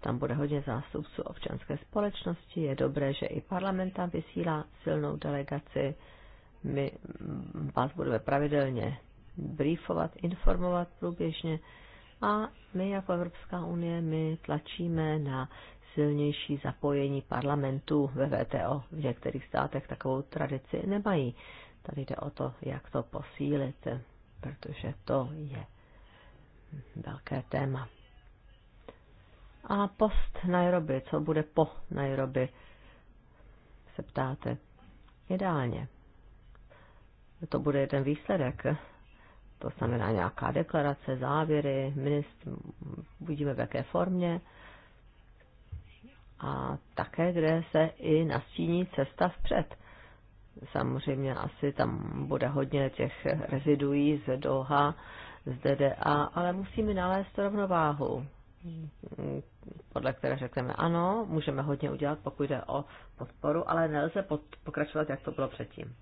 tam bude hodně zástupců občanské společnosti. Je dobré, že i parlament tam vysílá silnou delegaci. My mm, vás budeme pravidelně briefovat, informovat průběžně. A my jako Evropská unie, my tlačíme na silnější zapojení parlamentu ve VTO. V některých státech takovou tradici nemají. Tady jde o to, jak to posílit, protože to je velké téma. A post Nairobi, co bude po Nairobi, se ptáte. Ideálně. To bude jeden výsledek. To znamená nějaká deklarace, závěry, ministr, uvidíme v jaké formě. A také, kde se i nastíní cesta vpřed. Samozřejmě asi tam bude hodně těch reziduí z Doha, z DDA, ale musíme nalézt rovnováhu, podle které řekneme ano, můžeme hodně udělat, pokud jde o podporu, ale nelze pod, pokračovat, jak to bylo předtím.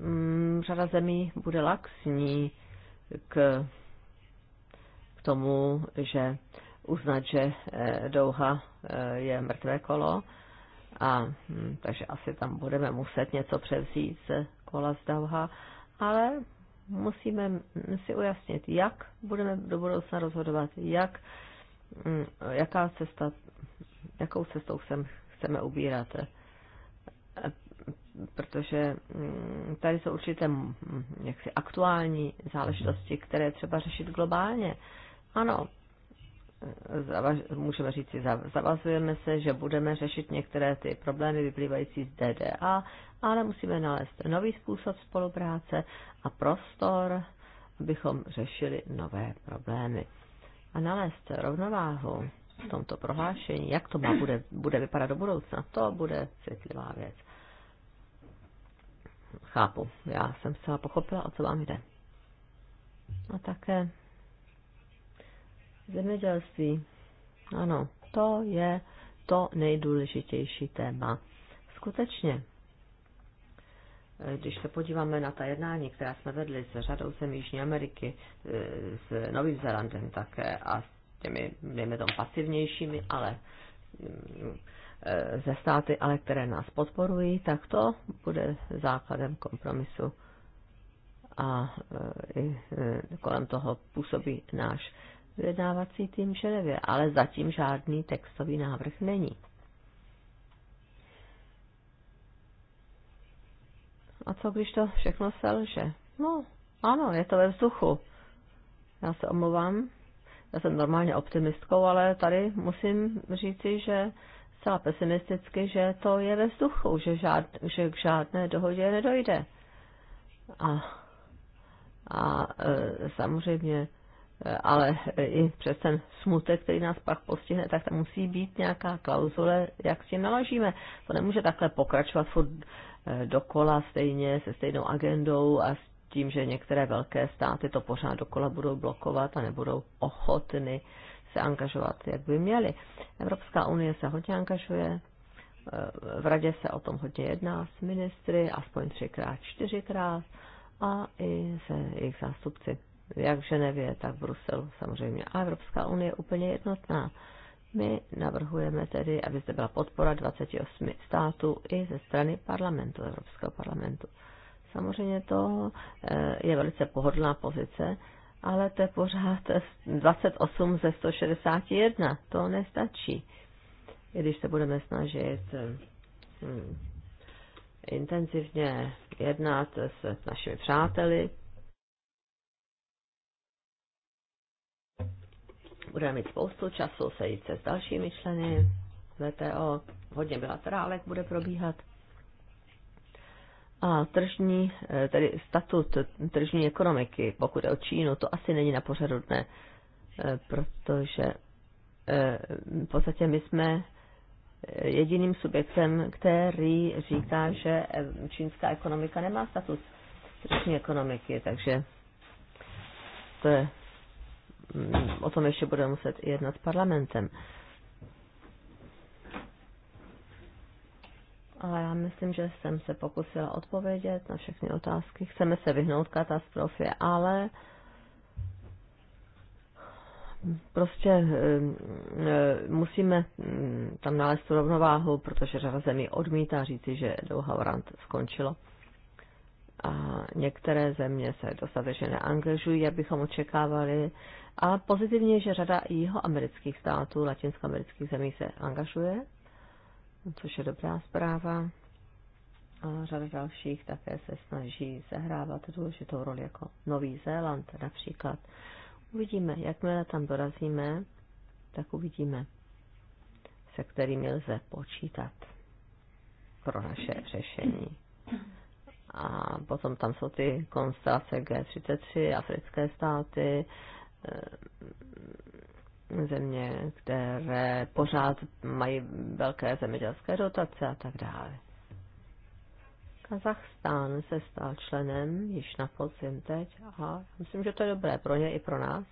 Mm, řada zemí bude laxní k, k tomu, že uznat, že eh, Douha eh, je mrtvé kolo, a, hm, takže asi tam budeme muset něco převzít z kola z Douha, ale musíme si ujasnit, jak budeme do budoucna rozhodovat, jak, mm, jaká cesta, jakou cestou sem chceme ubírat. E, protože mm, tady jsou určité mm, jaksi aktuální záležitosti, mhm. které třeba řešit globálně. Ano, můžeme říct, zavazujeme se, že budeme řešit některé ty problémy vyplývající z DDA, ale musíme nalézt nový způsob spolupráce a prostor, abychom řešili nové problémy. A nalézt rovnováhu v tomto prohlášení, jak to má bude, bude vypadat do budoucna, to bude citlivá věc. Chápu, já jsem zcela pochopila, o co vám jde. A také Zemědělství. Ano, to je to nejdůležitější téma. Skutečně, když se podíváme na ta jednání, která jsme vedli s řadou zemí Jižní Ameriky, eh, s Novým Zelandem také a s těmi, dejme tomu, pasivnějšími, ale eh, ze státy, ale které nás podporují, tak to bude základem kompromisu. A eh, kolem toho působí náš vyjednávací tým v Ženevě, ale zatím žádný textový návrh není. A co když to všechno selže? No, ano, je to ve vzduchu. Já se omluvám, já jsem normálně optimistkou, ale tady musím říci, že zcela pesimisticky, že to je ve vzduchu, že, žád, že k žádné dohodě nedojde. A, a e, samozřejmě ale i přes ten smutek, který nás pak postihne, tak tam musí být nějaká klauzule, jak s tím naložíme. To nemůže takhle pokračovat furt eh, dokola stejně, se stejnou agendou a s tím, že některé velké státy to pořád dokola budou blokovat a nebudou ochotny se angažovat, jak by měly. Evropská unie se hodně angažuje, eh, v radě se o tom hodně jedná s ministry, aspoň třikrát, čtyřikrát a i se jejich zástupci jak v Ženevě, tak v Bruselu samozřejmě. A Evropská unie je úplně jednotná. My navrhujeme tedy, aby zde byla podpora 28 států i ze strany parlamentu, Evropského parlamentu. Samozřejmě to eh, je velice pohodlná pozice, ale to je pořád 28 ze 161, to nestačí. I když se budeme snažit hmm, intenzivně jednat s našimi přáteli, Budeme mít spoustu času sejít se s dalšími členy VTO, hodně bilaterálek bude probíhat. A tržní, eh, tedy statut tržní ekonomiky, pokud je o Čínu, to asi není na pořadu dne, eh, protože eh, v podstatě my jsme jediným subjektem, který říká, že čínská ekonomika nemá status tržní ekonomiky, takže to je Mm, o tom ještě budeme muset jednat s parlamentem. Ale já myslím, že jsem se pokusila odpovědět na všechny otázky. Chceme se vyhnout katastrofě, ale prostě eh, eh, musíme mm, tam nalézt tu rovnováhu, protože řada zemí odmítá říci, že Doha-Orant skončilo. A některé země se dostatečně neangažují, abychom očekávali, a pozitivně je, že řada jihoamerických států, latinskoamerických zemí se angažuje, což je dobrá zpráva. A řada dalších také se snaží zahrávat důležitou roli jako Nový Zéland například. Uvidíme, jakmile tam dorazíme, tak uvidíme, se kterými lze počítat pro naše řešení. A potom tam jsou ty konstelace G33, africké státy, Eh, země, které pořád mají velké zemědělské dotace a tak dále. Kazachstán se stal členem již na podzim teď a myslím, že to je dobré pro ně i pro nás.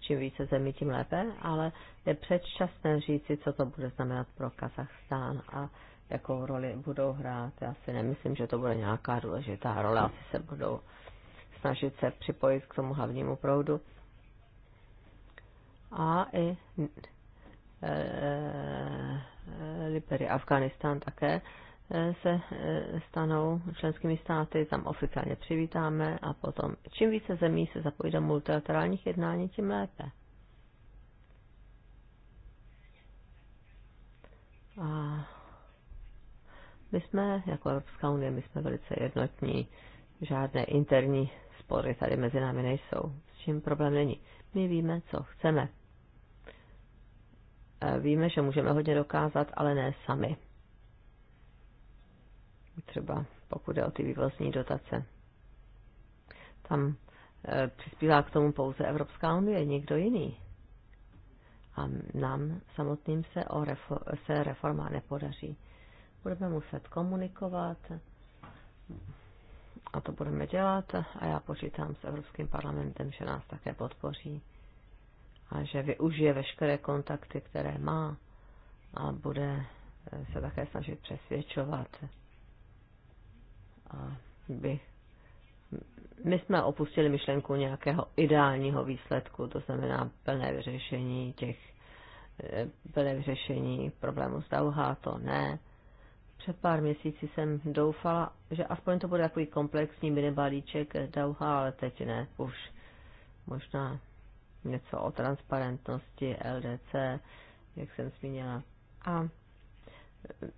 Čím více zemí, tím lépe, ale je předčasné říci, co to bude znamenat pro Kazachstán a jakou roli budou hrát. Já si nemyslím, že to bude nějaká důležitá role, asi se budou snažit se připojit k tomu hlavnímu proudu a i e, e, Libery Afganistán také e, se stanou členskými státy, tam oficiálně přivítáme a potom čím více zemí se zapojí do multilaterálních jednání, tím lépe. A my jsme, jako Evropská unie, my jsme velice jednotní, žádné interní spory tady mezi námi nejsou, s čím problém není. My víme, co chceme. Eh, víme, že můžeme hodně dokázat, ale ne sami. Třeba pokud je o ty vývozní dotace. Tam eh, přispívá k tomu pouze Evropská unie, nikdo jiný. A nám samotným se, o refo- se reforma nepodaří. Budeme muset komunikovat a to budeme dělat a já počítám s Evropským parlamentem, že nás také podpoří a že využije veškeré kontakty, které má a bude se také snažit přesvědčovat. A by. My jsme opustili myšlenku nějakého ideálního výsledku, to znamená plné vyřešení těch eh, plné vyřešení problému s dauhá, to ne. Před pár měsíci jsem doufala, že aspoň to bude takový komplexní minibalíček dauhá, ale teď ne, už možná něco o transparentnosti LDC, jak jsem zmínila. A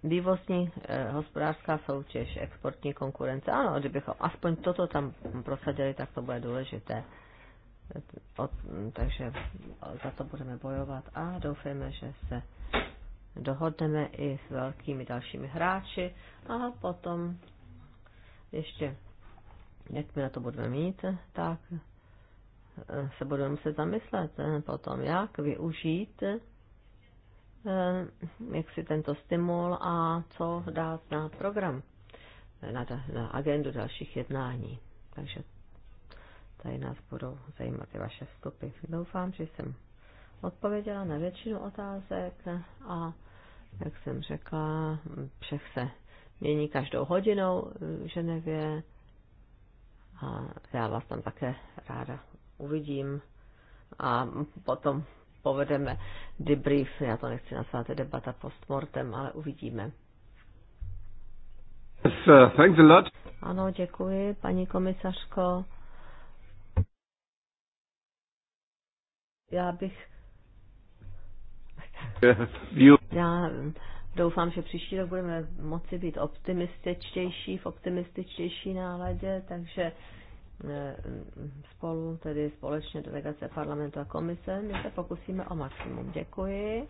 vývozní eh, hospodářská soutěž, exportní konkurence. Ano, kdybychom aspoň toto tam prosadili, tak to bude důležité. Eh, o, hm, takže eh, za to budeme bojovat a doufejme, že se dohodneme i s velkými dalšími hráči a potom ještě, jak my na to budeme mít, tak Eh, se budeme muset zamyslet eh, potom, jak využít eh, jak si tento stimul a co dát na program, na, na agendu dalších jednání. Takže tady nás budou zajímat i vaše vstupy. Doufám, že jsem odpověděla na většinu otázek a jak jsem řekla, všech se mění každou hodinou v Ženevě a já vás tam také ráda uvidím a potom povedeme debrief, já to nechci nazvat debata postmortem, ale uvidíme. Yes, uh, thanks a lot. Ano, děkuji, paní komisařko. Já bych... Já doufám, že příští rok budeme moci být optimističtější, v optimističtější náladě, takže Eh, spolu, tedy společně delegace parlamentu a komise, my se pokusíme o maximum. Děkuji.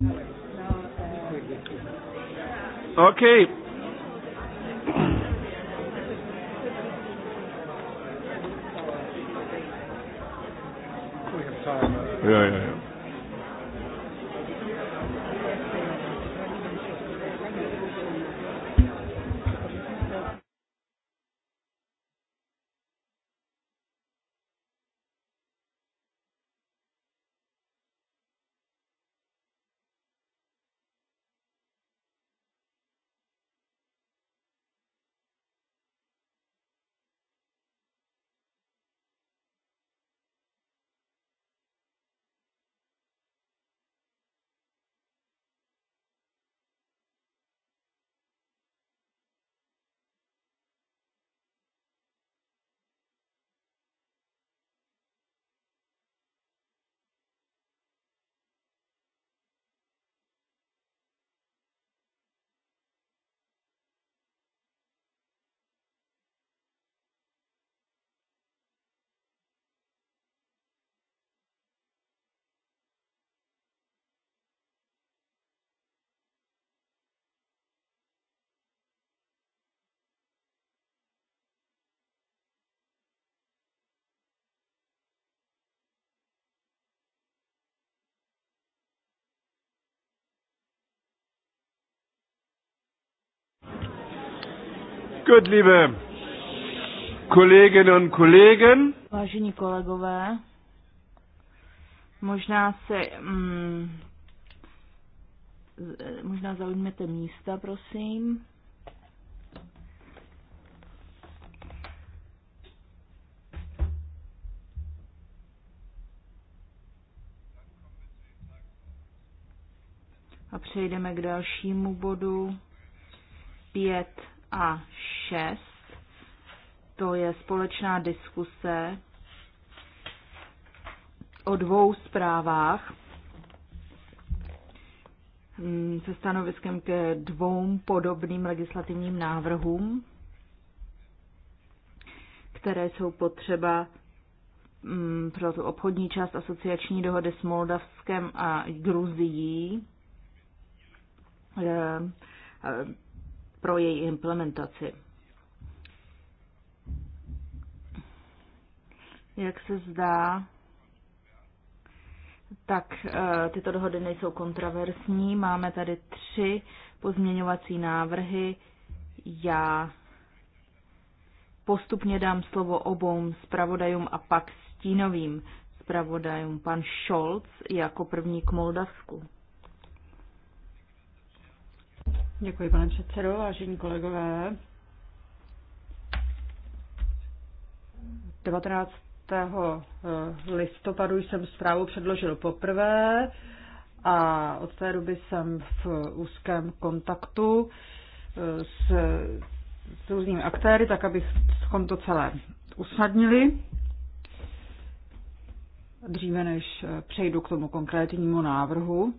Okay. Yeah, yeah, yeah. Gut, liebe Kolleginnen und Kollegen. Vážení kolegové, možná se, mm, eh, možná zaujmete místa, prosím. A přejdeme k dalšímu bodu. Pět a 6, to je společná diskuse o dvou zprávách hm, se stanoviskem ke dvou podobným legislativním návrhům, které jsou potřeba hm, pro tu obchodní část asociační dohody s Moldavskem a Gruzií eh, eh, pro její implementaci. Jak se zdá, tak eh, tyto dohody nejsou kontroverzní. Máme tady tři pozměňovací návrhy. Já postupně dám slovo obou zpravodajům a pak stínovým zpravodajům. Pan Scholz jako první k Moldavsku. Děkuji, pane předsedo, vážení kolegové. 19. Eh, listopadu jsem zprávu předložil poprvé a od té doby jsem v úzkém kontaktu eh, s, s různými aktéry, tak abychom to celé usnadnili. Dříve než přejdu k tomu konkrétnímu návrhu,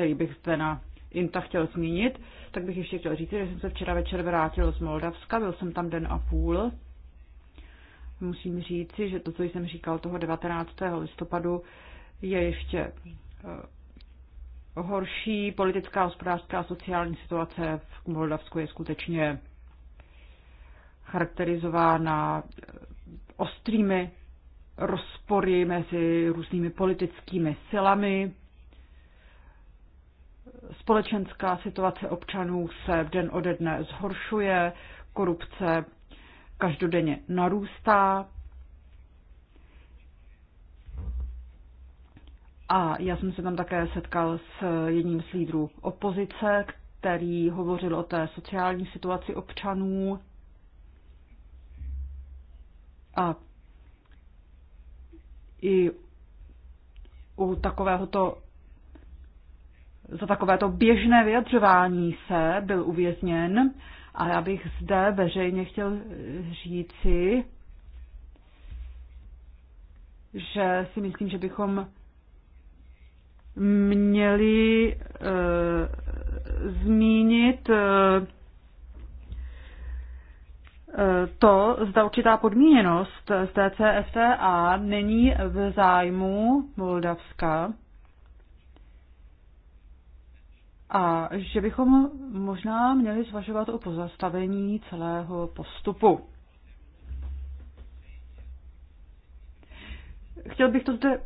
který bych zde na Inta chtěl zmínit, tak bych ještě chtěl říct, že jsem se včera večer vrátil z Moldavska, byl jsem tam den a půl. Musím říci, že to, co jsem říkal toho 19. listopadu, je ještě eh, horší. Politická, hospodářská a sociální situace v Moldavsku je skutečně charakterizována eh, ostrými rozpory mezi různými politickými silami, společenská situace občanů se den ode dne zhoršuje, korupce každodenně narůstá. A já jsem se tam také setkal s jedním z lídrů opozice, který hovořil o té sociální situaci občanů. A i u takovéhoto za takovéto běžné vyjadřování se byl uvězněn a já bych zde veřejně chtěl říci, že si myslím, že bychom měli e, zmínit e, to, zda určitá podmíněnost z TCFTA není v zájmu Moldavska. a že bychom možná měli zvažovat o pozastavení celého postupu. Chtěl bych to zde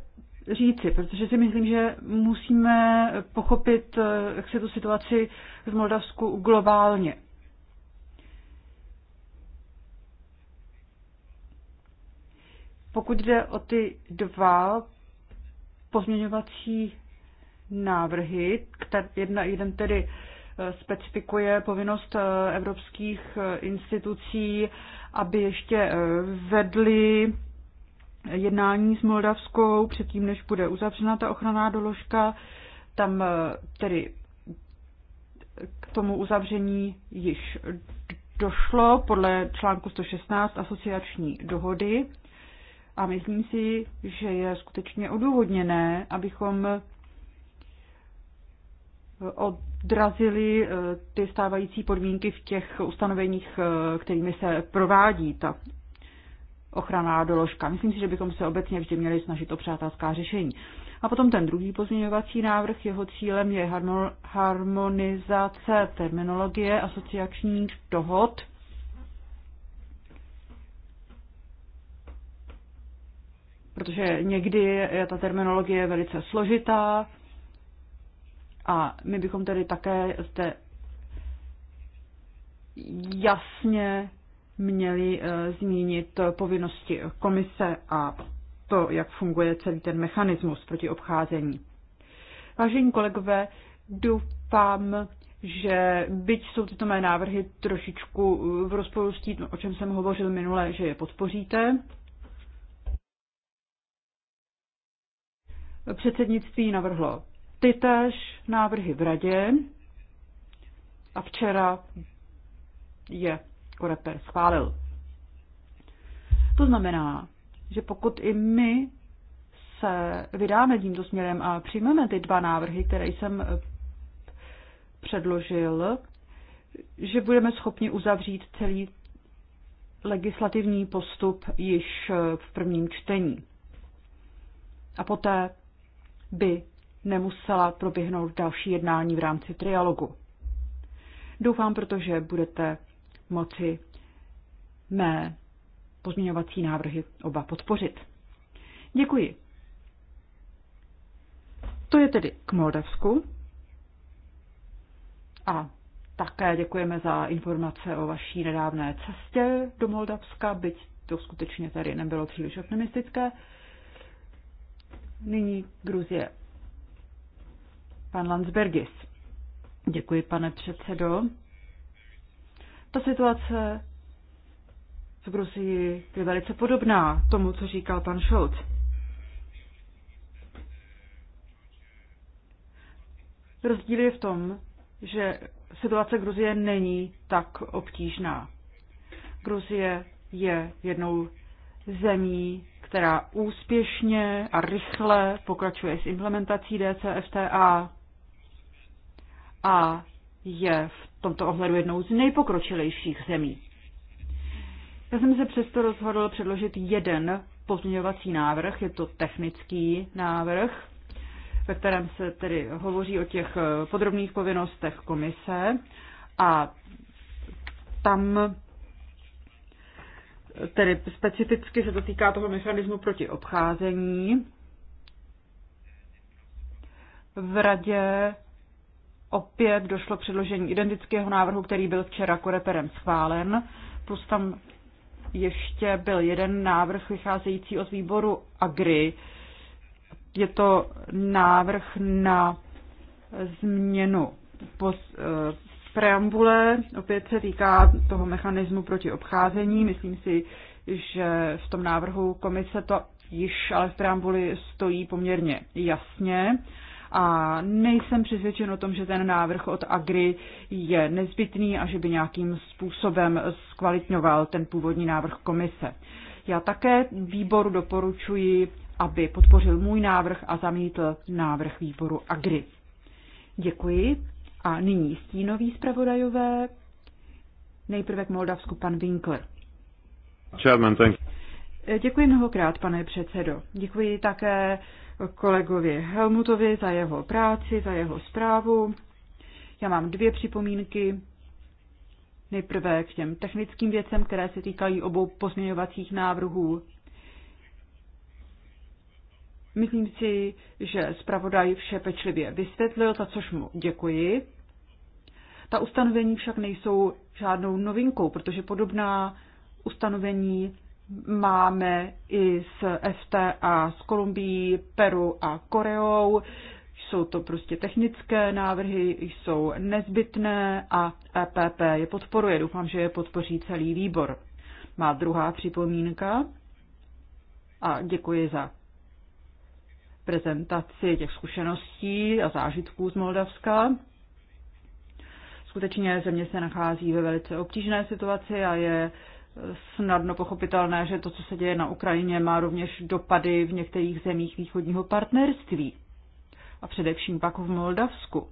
říci, protože si myslím, že musíme pochopit, jak se tu situaci v Moldavsku globálně. Pokud jde o ty dva pozměňovací návrhy. Jedna, jeden tedy eh, specifikuje povinnost eh, evropských eh, institucí, aby ještě vedly jednání s Moldavskou předtím, než bude uzavřena ta ochranná doložka. Tam tedy k tomu uzavření již došlo podle článku 116 asociační dohody a myslím si, že je skutečně odůvodněné, abychom odrazily eh, ty stávající podmínky v těch ustanoveních, eh, kterými se provádí ta ochranná doložka. Myslím si, že bychom se obecně vždy měli snažit o přátelská řešení. A potom ten druhý pozměňovací návrh, jeho cílem je harmonizace terminologie asociačních dohod. Protože někdy je ta terminologie velice složitá, a my bychom tedy také zde jasně měli eh, zmínit povinnosti komise a to, jak funguje celý ten mechanismus proti obcházení. Vážení kolegové, doufám, že byť jsou tyto mé návrhy trošičku eh, v rozporu s tím, o čem jsem hovořil minule, že je podpoříte. Předsednictví navrhlo tytéž návrhy v radě a včera je Koreper schválil. To znamená, že pokud i my se vydáme tímto směrem a přijmeme ty dva návrhy, které jsem předložil, že budeme schopni uzavřít celý legislativní postup již v prvním čtení. A poté by nemusela proběhnout další jednání v rámci trialogu. Doufám, protože budete moci mé pozměňovací návrhy oba podpořit. Děkuji. To je tedy k Moldavsku. A také děkujeme za informace o vaší nedávné cestě do Moldavska, byť to skutečně tady nebylo příliš optimistické. Nyní Gruzie Pan Landsbergis. Děkuji, pane předsedo. Ta situace v Gruzii je velice podobná tomu, co říkal pan Scholz. Rozdíl je v tom, že situace Gruzie není tak obtížná. Gruzie je jednou zemí, která úspěšně a rychle pokračuje s implementací DCFTA a je v tomto ohledu jednou z nejpokročilejších zemí. Já jsem se přesto rozhodl předložit jeden pozměňovací návrh, je to technický návrh, ve kterém se tedy hovoří o těch podrobných povinnostech komise a tam tedy specificky se to týká toho mechanismu proti obcházení. V radě opět došlo předložení identického návrhu, který byl včera koreperem schválen, plus tam ještě byl jeden návrh vycházející od výboru Agri. Je to návrh na změnu z eh, preambule, opět se týká toho mechanismu proti obcházení. Myslím si, že v tom návrhu komise to již ale v preambuli stojí poměrně jasně a nejsem přesvědčen o tom, že ten návrh od Agri je nezbytný a že by nějakým způsobem zkvalitňoval ten původní návrh komise. Já také výboru doporučuji, aby podpořil můj návrh a zamítl návrh výboru Agri. Děkuji. A nyní stínoví zpravodajové. Nejprve k Moldavsku pan Winkler. Chairman, thank you. Děkuji mnohokrát, pane předsedo. Děkuji také kolegovi Helmutovi za jeho práci, za jeho zprávu. Já mám dvě připomínky. Nejprve k těm technickým věcem, které se týkají obou pozměňovacích návrhů. Myslím si, že zpravodaj vše pečlivě vysvětlil, za což mu děkuji. Ta ustanovení však nejsou žádnou novinkou, protože podobná ustanovení máme i s FTA s Kolumbií, Peru a Koreou. Jsou to prostě technické návrhy, jsou nezbytné a EPP je podporuje. Doufám, že je podpoří celý výbor. Má druhá připomínka a děkuji za prezentaci těch zkušeností a zážitků z Moldavska. Skutečně země se nachází ve velice obtížné situaci a je uh, snadno pochopitelné, že to, co se děje na Ukrajině, má rovněž dopady v některých zemích východního partnerství. A především pak v Moldavsku.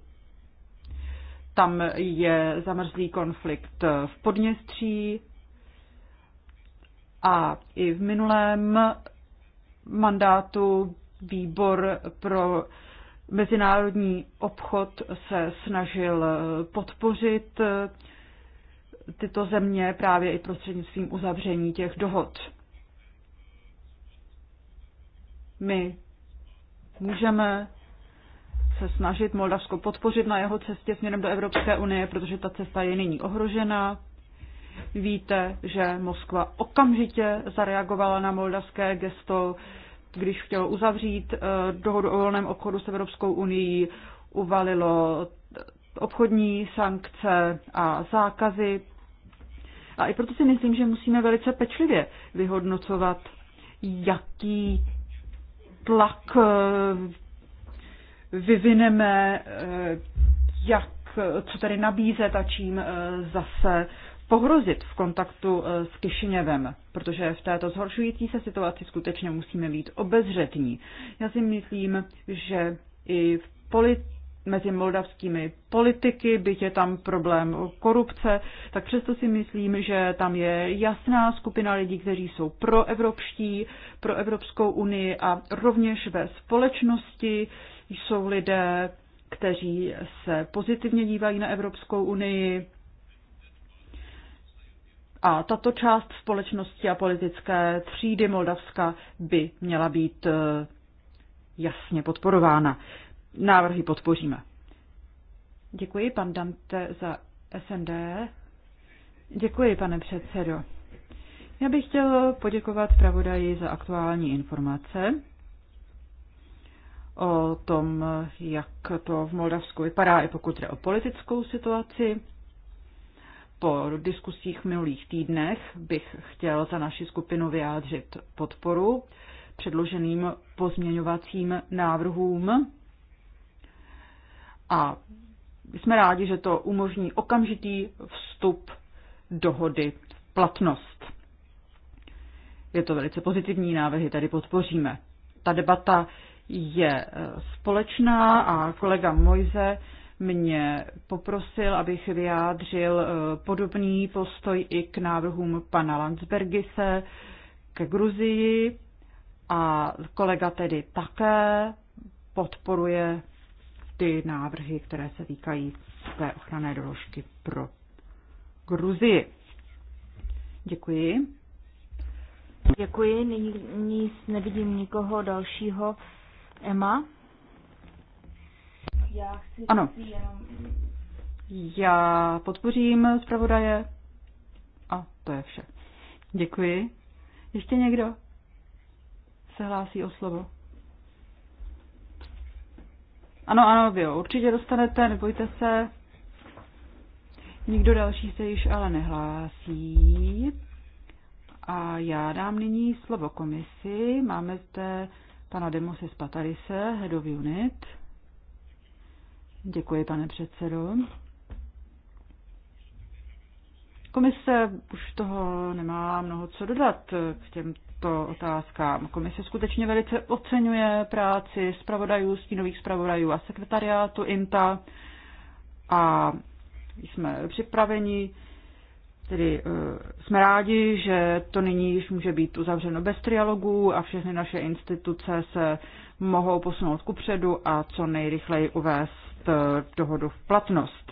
Tam je zamrzlý konflikt v Podněstří a i v minulém mandátu výbor pro mezinárodní obchod se snažil podpořit tyto země právě i prostřednictvím uzavření těch dohod. My můžeme se snažit Moldavsko podpořit na jeho cestě směrem do Evropské unie, protože ta cesta je nyní ohrožena. Víte, že Moskva okamžitě zareagovala na moldavské gesto, když chtělo uzavřít eh, dohodu o volném obchodu s Evropskou unii, uvalilo obchodní sankce a zákazy a i proto si myslím, že musíme velice pečlivě vyhodnocovat, jaký tlak eh, vyvineme, eh, jak, co tady nabízet a čím eh, zase pohrozit v kontaktu s Kišiněvem, protože v této zhoršující se situaci skutečně musíme být obezřetní. Já si myslím, že i v polit mezi moldavskými politiky, byť je tam problém korupce, tak přesto si myslím, že tam je jasná skupina lidí, kteří jsou proevropští, pro Evropskou unii a rovněž ve společnosti jsou lidé, kteří se pozitivně dívají na Evropskou unii. A tato část společnosti a politické třídy Moldavska by měla být eh, jasně podporována návrhy podpoříme. Děkuji, pan Dante, za SND. Děkuji, pane předsedo. Já bych chtěl poděkovat zpravodaji za aktuální informace o tom, jak to v Moldavsku vypadá, i pokud jde o politickou situaci. Po diskusích v minulých týdnech bych chtěl za naši skupinu vyjádřit podporu předloženým pozměňovacím návrhům a jsme rádi, že to umožní okamžitý vstup dohody v platnost. Je to velice pozitivní návrhy, tady podpoříme. Ta debata je eh, společná a kolega Mojze mě poprosil, abych vyjádřil eh, podobný postoj i k návrhům pana Landsbergise ke Gruzii a kolega tedy také podporuje ty návrhy, které se týkají té ochranné doložky pro Gruzii. Děkuji. Děkuji. Nyní, nyní nevidím nikoho dalšího. Emma? Já chci ano. Jenom... Já podpořím zpravodaje. A to je vše. Děkuji. Ještě někdo se hlásí o slovo? Ano, ano, vy ho určitě dostanete, nebojte se. Nikdo další se již ale nehlásí. A já dám nyní slovo komisi. Máme zde pana Demose z Patarise, Head of Unit. Děkuji, pane předsedo. Komise už toho nemá mnoho co dodat k těm těmto otázkám. Komise skutečně velice oceňuje práci zpravodajů, stínových zpravodajů a sekretariátu INTA a jsme připraveni, tedy eh, jsme rádi, že to nyní již může být uzavřeno bez trialogů a všechny naše instituce se mohou posunout kupředu a co nejrychleji uvést eh, dohodu v platnost.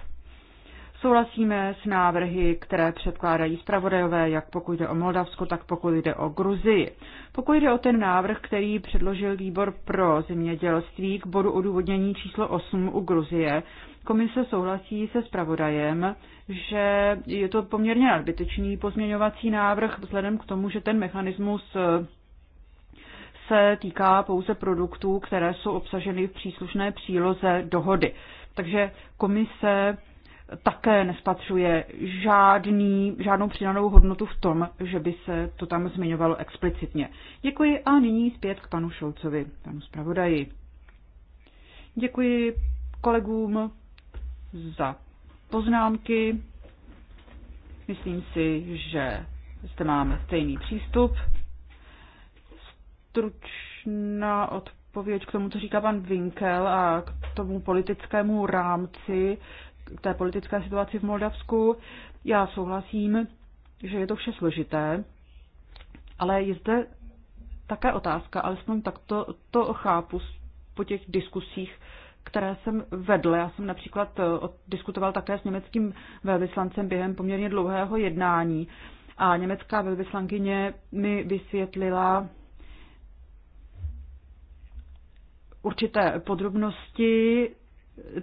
Souhlasíme s návrhy, které předkládají zpravodajové, jak pokud jde o Moldavsko, tak pokud jde o Gruzii. Pokud jde o ten návrh, který předložil výbor pro zemědělství k bodu odůvodnění číslo 8 u Gruzie, komise souhlasí se zpravodajem, že je to poměrně nadbytečný pozměňovací návrh, vzhledem k tomu, že ten mechanismus eh, se týká pouze produktů, které jsou obsaženy v příslušné příloze dohody. Takže komise také nespatřuje žádný, žádnou přidanou hodnotu v tom, že by se to tam zmiňovalo explicitně. Děkuji a nyní zpět k panu Šolcovi, panu zpravodaji. Děkuji kolegům za poznámky. Myslím si, že zde máme stejný přístup. Stručná odpověď k tomu, co říká pan Winkel a k tomu politickému rámci té politické situaci v Moldavsku. Já souhlasím, že je to vše složité, ale je zde také otázka, alespoň tak to, to chápu po těch diskusích, které jsem vedl. Já jsem například eh, diskutoval také s německým velvyslancem během poměrně dlouhého jednání a německá velvyslankyně mi vysvětlila určité podrobnosti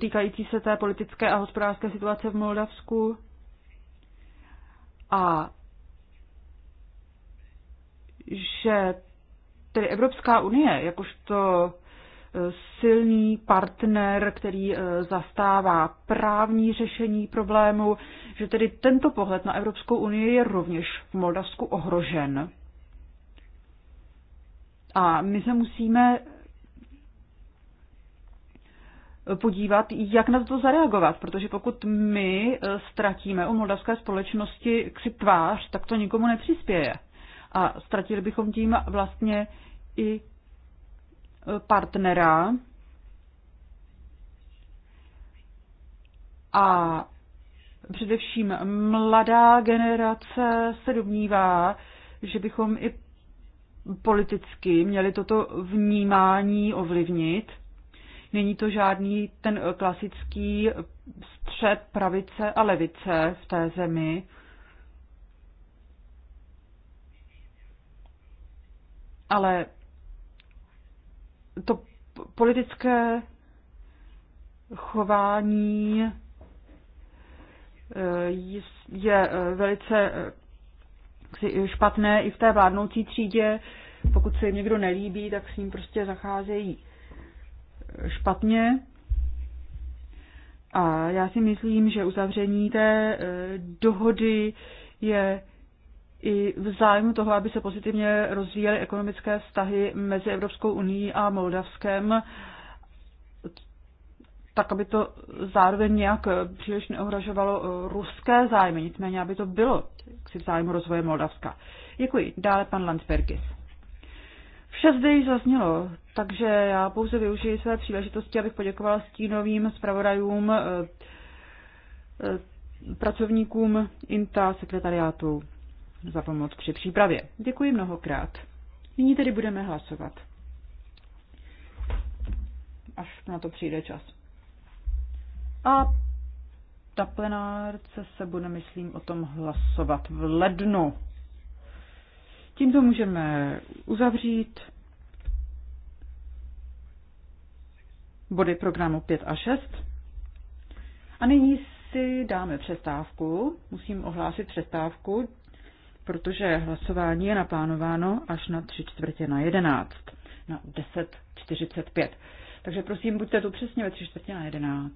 týkající se té politické a hospodářské situace v Moldavsku. A že tedy Evropská unie, jakožto e, silný partner, který e, zastává právní řešení problému, že tedy tento pohled na Evropskou unii je rovněž v Moldavsku ohrožen. A my se musíme podívat, jak na to zareagovat, protože pokud my eh, ztratíme u moldavské společnosti ksi tvář, tak to nikomu nepřispěje. A ztratili bychom tím vlastně i eh, partnera. A především mladá generace se domnívá, že bychom i politicky měli toto vnímání ovlivnit Není to žádný ten eh, klasický eh, střed pravice a levice v té zemi. Ale to politické chování eh, je velice špatné i v té vládnoucí třídě. Pokud se jim někdo nelíbí, tak s ním prostě zacházejí špatně. A já si myslím, že uzavření té e, dohody je i v zájmu toho, aby se pozitivně rozvíjely ekonomické vztahy mezi Evropskou unii a Moldavskem, tak aby to zároveň nějak příliš neohrožovalo e, ruské zájmy, nicméně aby to bylo v zájmu rozvoje Moldavska. Děkuji. Dále pan Landsbergis. Vše zde již zaznělo. Takže já pouze využiji své příležitosti, abych poděkovala stínovým zpravodajům, eh, eh, pracovníkům INTA sekretariátu za pomoc při přípravě. Děkuji mnohokrát. Nyní tedy budeme hlasovat. Až na to přijde čas. A ta plenárce se bude, myslím, o tom hlasovat v lednu. Tímto můžeme uzavřít body programu 5 a 6. A nyní si dáme přestávku. Musím ohlásit přestávku, protože hlasování je naplánováno až na 3 čtvrtě na 11, na 10.45. Takže prosím, buďte tu přesně ve 3 čtvrtě na 11.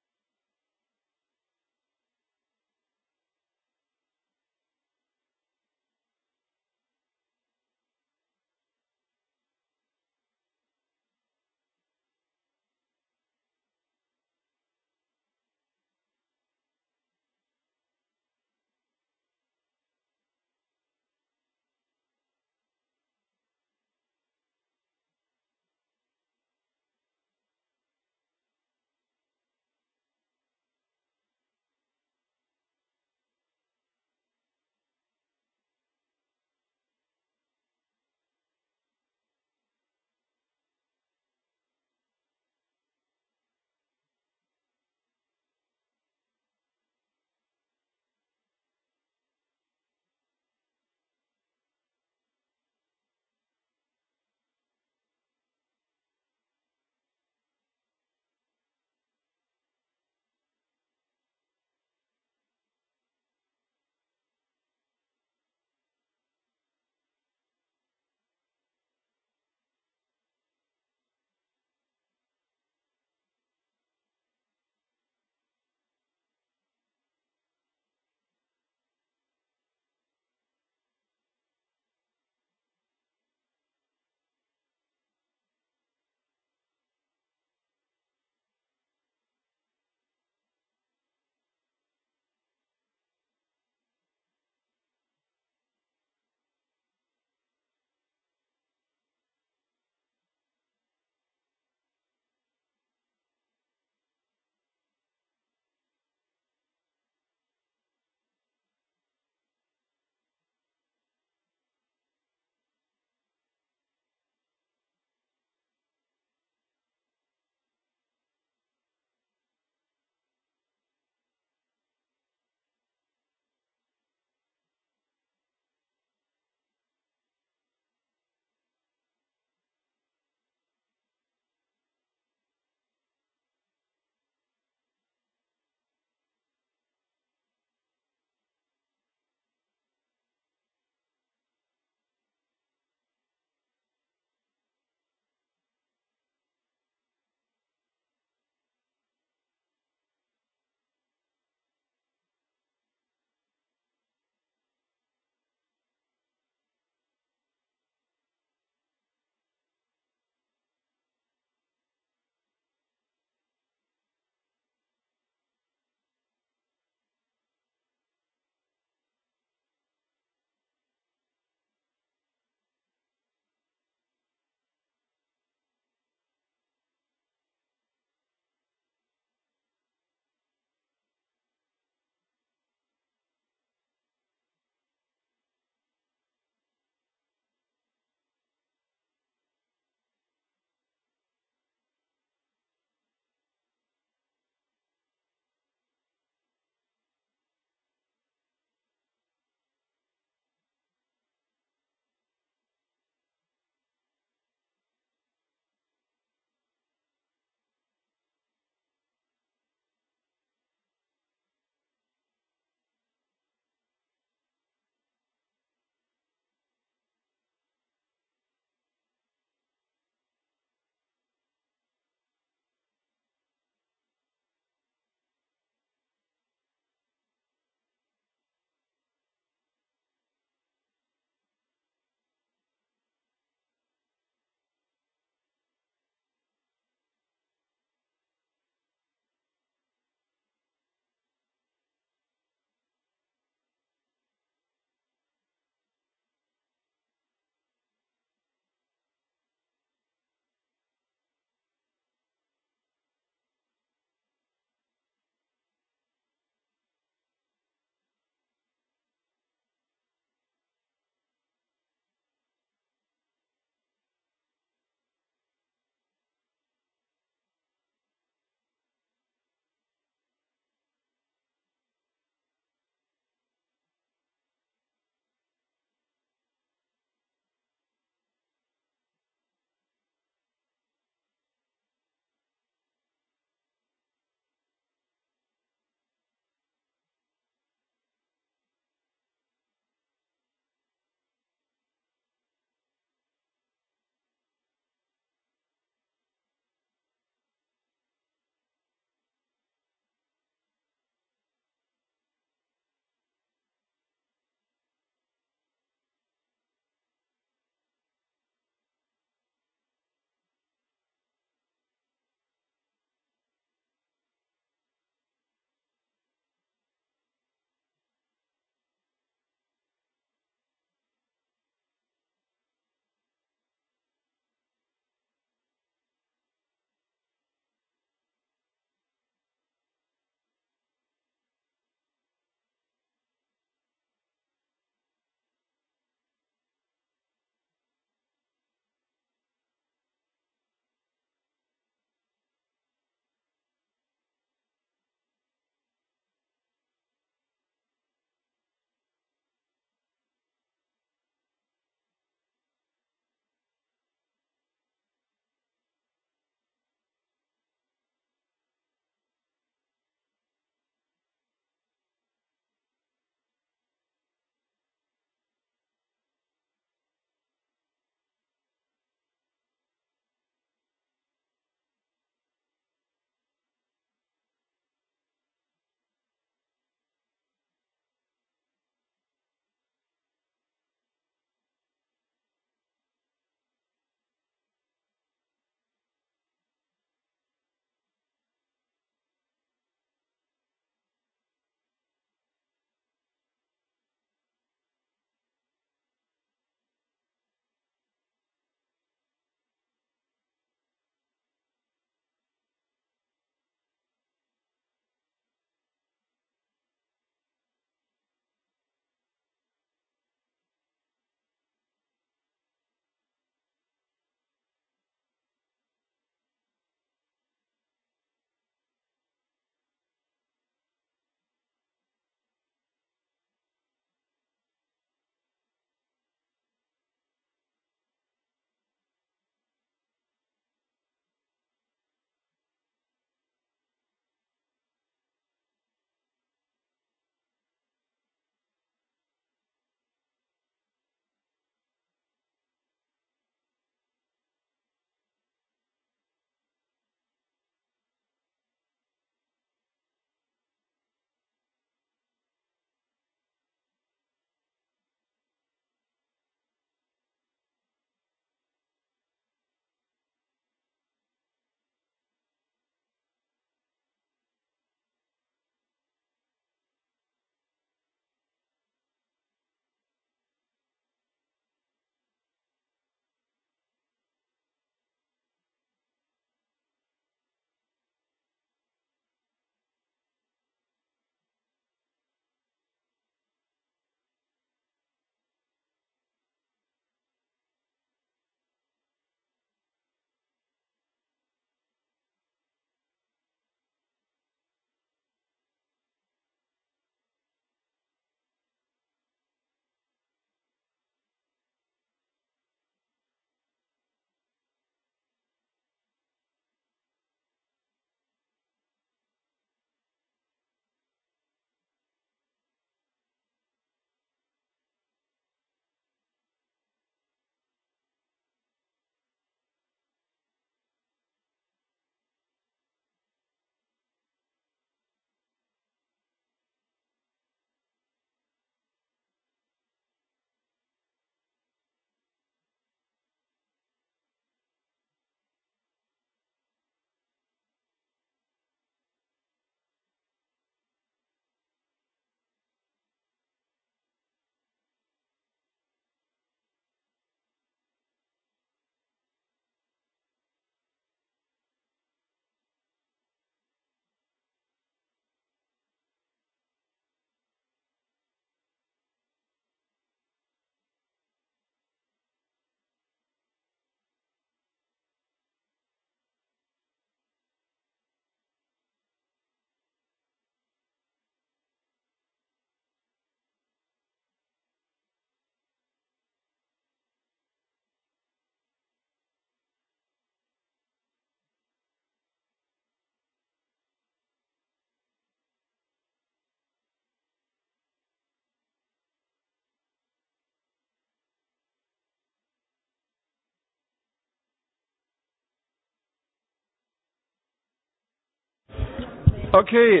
Okay.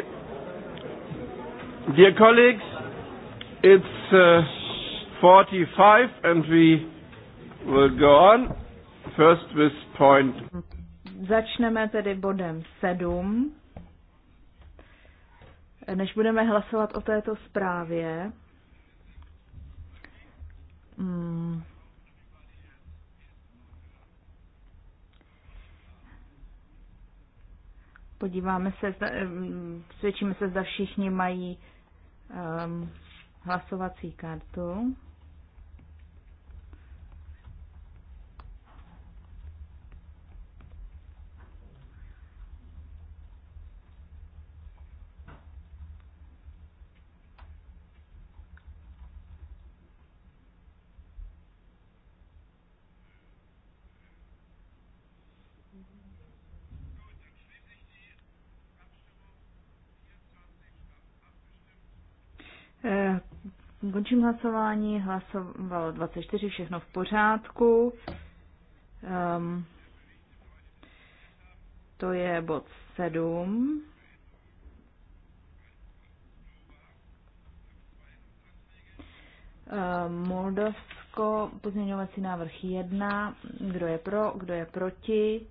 Dear colleagues, it's uh, 45 and we will go on. First with point. Začneme tedy bodem 7. Než budeme hlasovat o této zprávě, hmm Podíváme se, zda, svědčíme se, zda všichni mají um, hlasovací kartu. Končím hlasování, hlasovalo 24, všechno v pořádku. Um, to je bod 7. Um, ehm, Moldavsko, pozměňovací návrh 1. Kdo je pro, kdo je proti?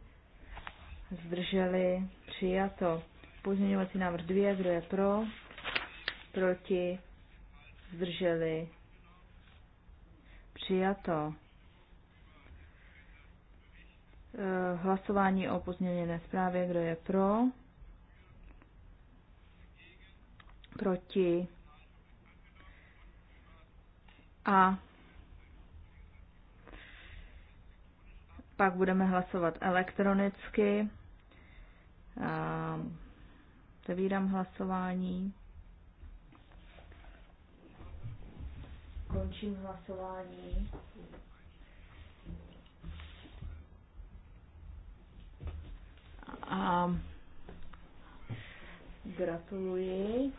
Zdrželi, přijato. Pozměňovací návrh 2. Kdo je pro, proti? zdrželi, přijato. E, hlasování o pozměněné zprávě, kdo je pro, proti a pak budeme hlasovat elektronicky. Zavírám hlasování. Končím hlasování. A gratuluji.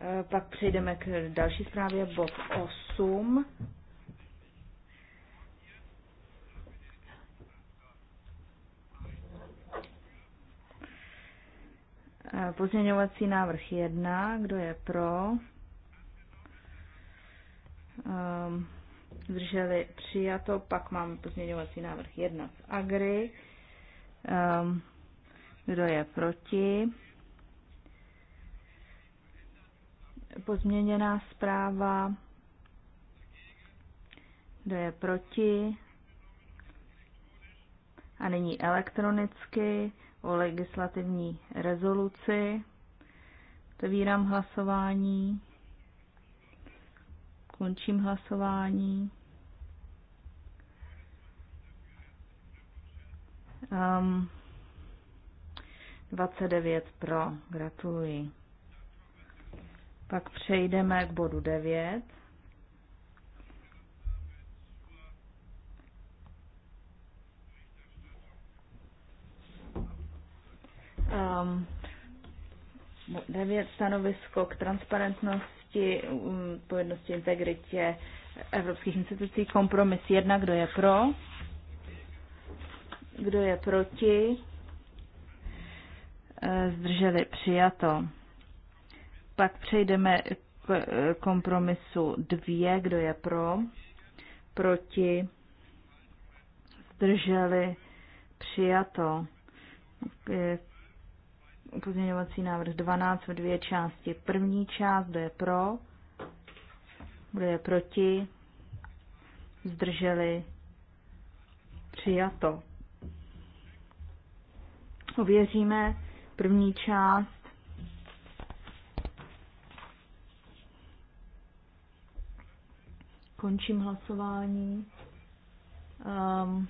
E, pak přejdeme k další zprávě, bod 8. E, pozměňovací návrh 1. Kdo je pro? um, zdrželi přijato, pak máme pozměňovací návrh 1 z Agri, um, kdo je proti, pozměněná zpráva, kdo je proti, a nyní elektronicky o legislativní rezoluci. Otevírám hlasování. Končím hlasování. Um, 29 pro. Gratuluji. Pak přejdeme k bodu 9. Um, 9 stanovisko k transparentnosti odpovědnosti, odpovědnosti um, integritě evropských institucí. Kompromis jedna, kdo je pro, kdo je proti, eh, zdrželi přijato. Pak přejdeme k eh, kompromisu dvě, kdo je pro, proti, zdrželi přijato eh, pozměňovací návrh 12 v dvě části. První část, kdo je pro, kdo je proti, zdrželi, přijato. Ověříme první část. Končím hlasování. Um,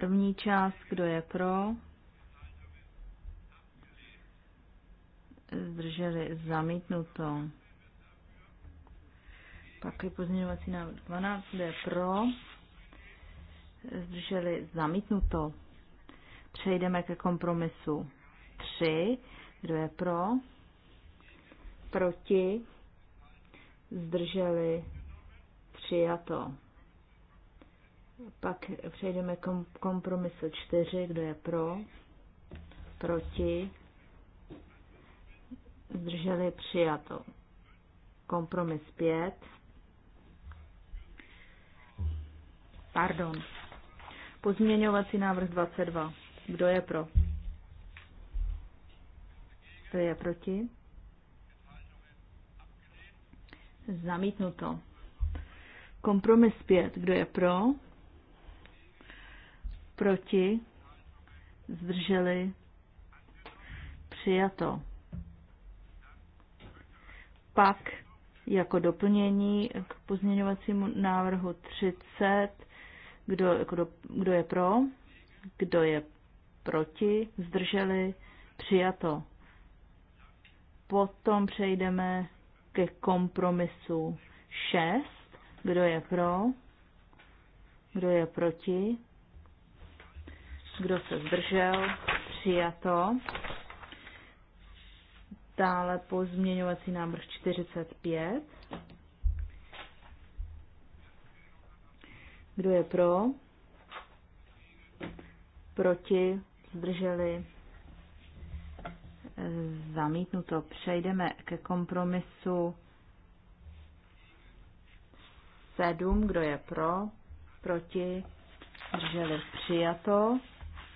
První část, kdo je pro? Zdrželi zamítnuto. Pak je pozměňovací návrh 12, kdo je pro? Zdrželi zamítnuto. Přejdeme ke kompromisu 3, kdo je pro? Proti? Zdrželi přijato. Pak přejdeme k kompromisu čtyři. kdo je pro, proti, zdrželi přijato. Kompromis pět. pardon, pozměňovací návrh 22, kdo je pro, kdo je proti, zamítnuto. Kompromis 5, kdo je pro, proti, zdrželi, přijato. Pak jako doplnění k pozměňovacímu návrhu 30, kdo, kdo, kdo je pro, kdo je proti, zdrželi, přijato. Potom přejdeme ke kompromisu 6, kdo je pro, kdo je proti, kdo se zdržel? Přijato. Dále pozměňovací návrh 45. Kdo je pro? Proti? Zdrželi? Zamítnuto. Přejdeme ke kompromisu 7. Kdo je pro? Proti? Zdrželi? Přijato.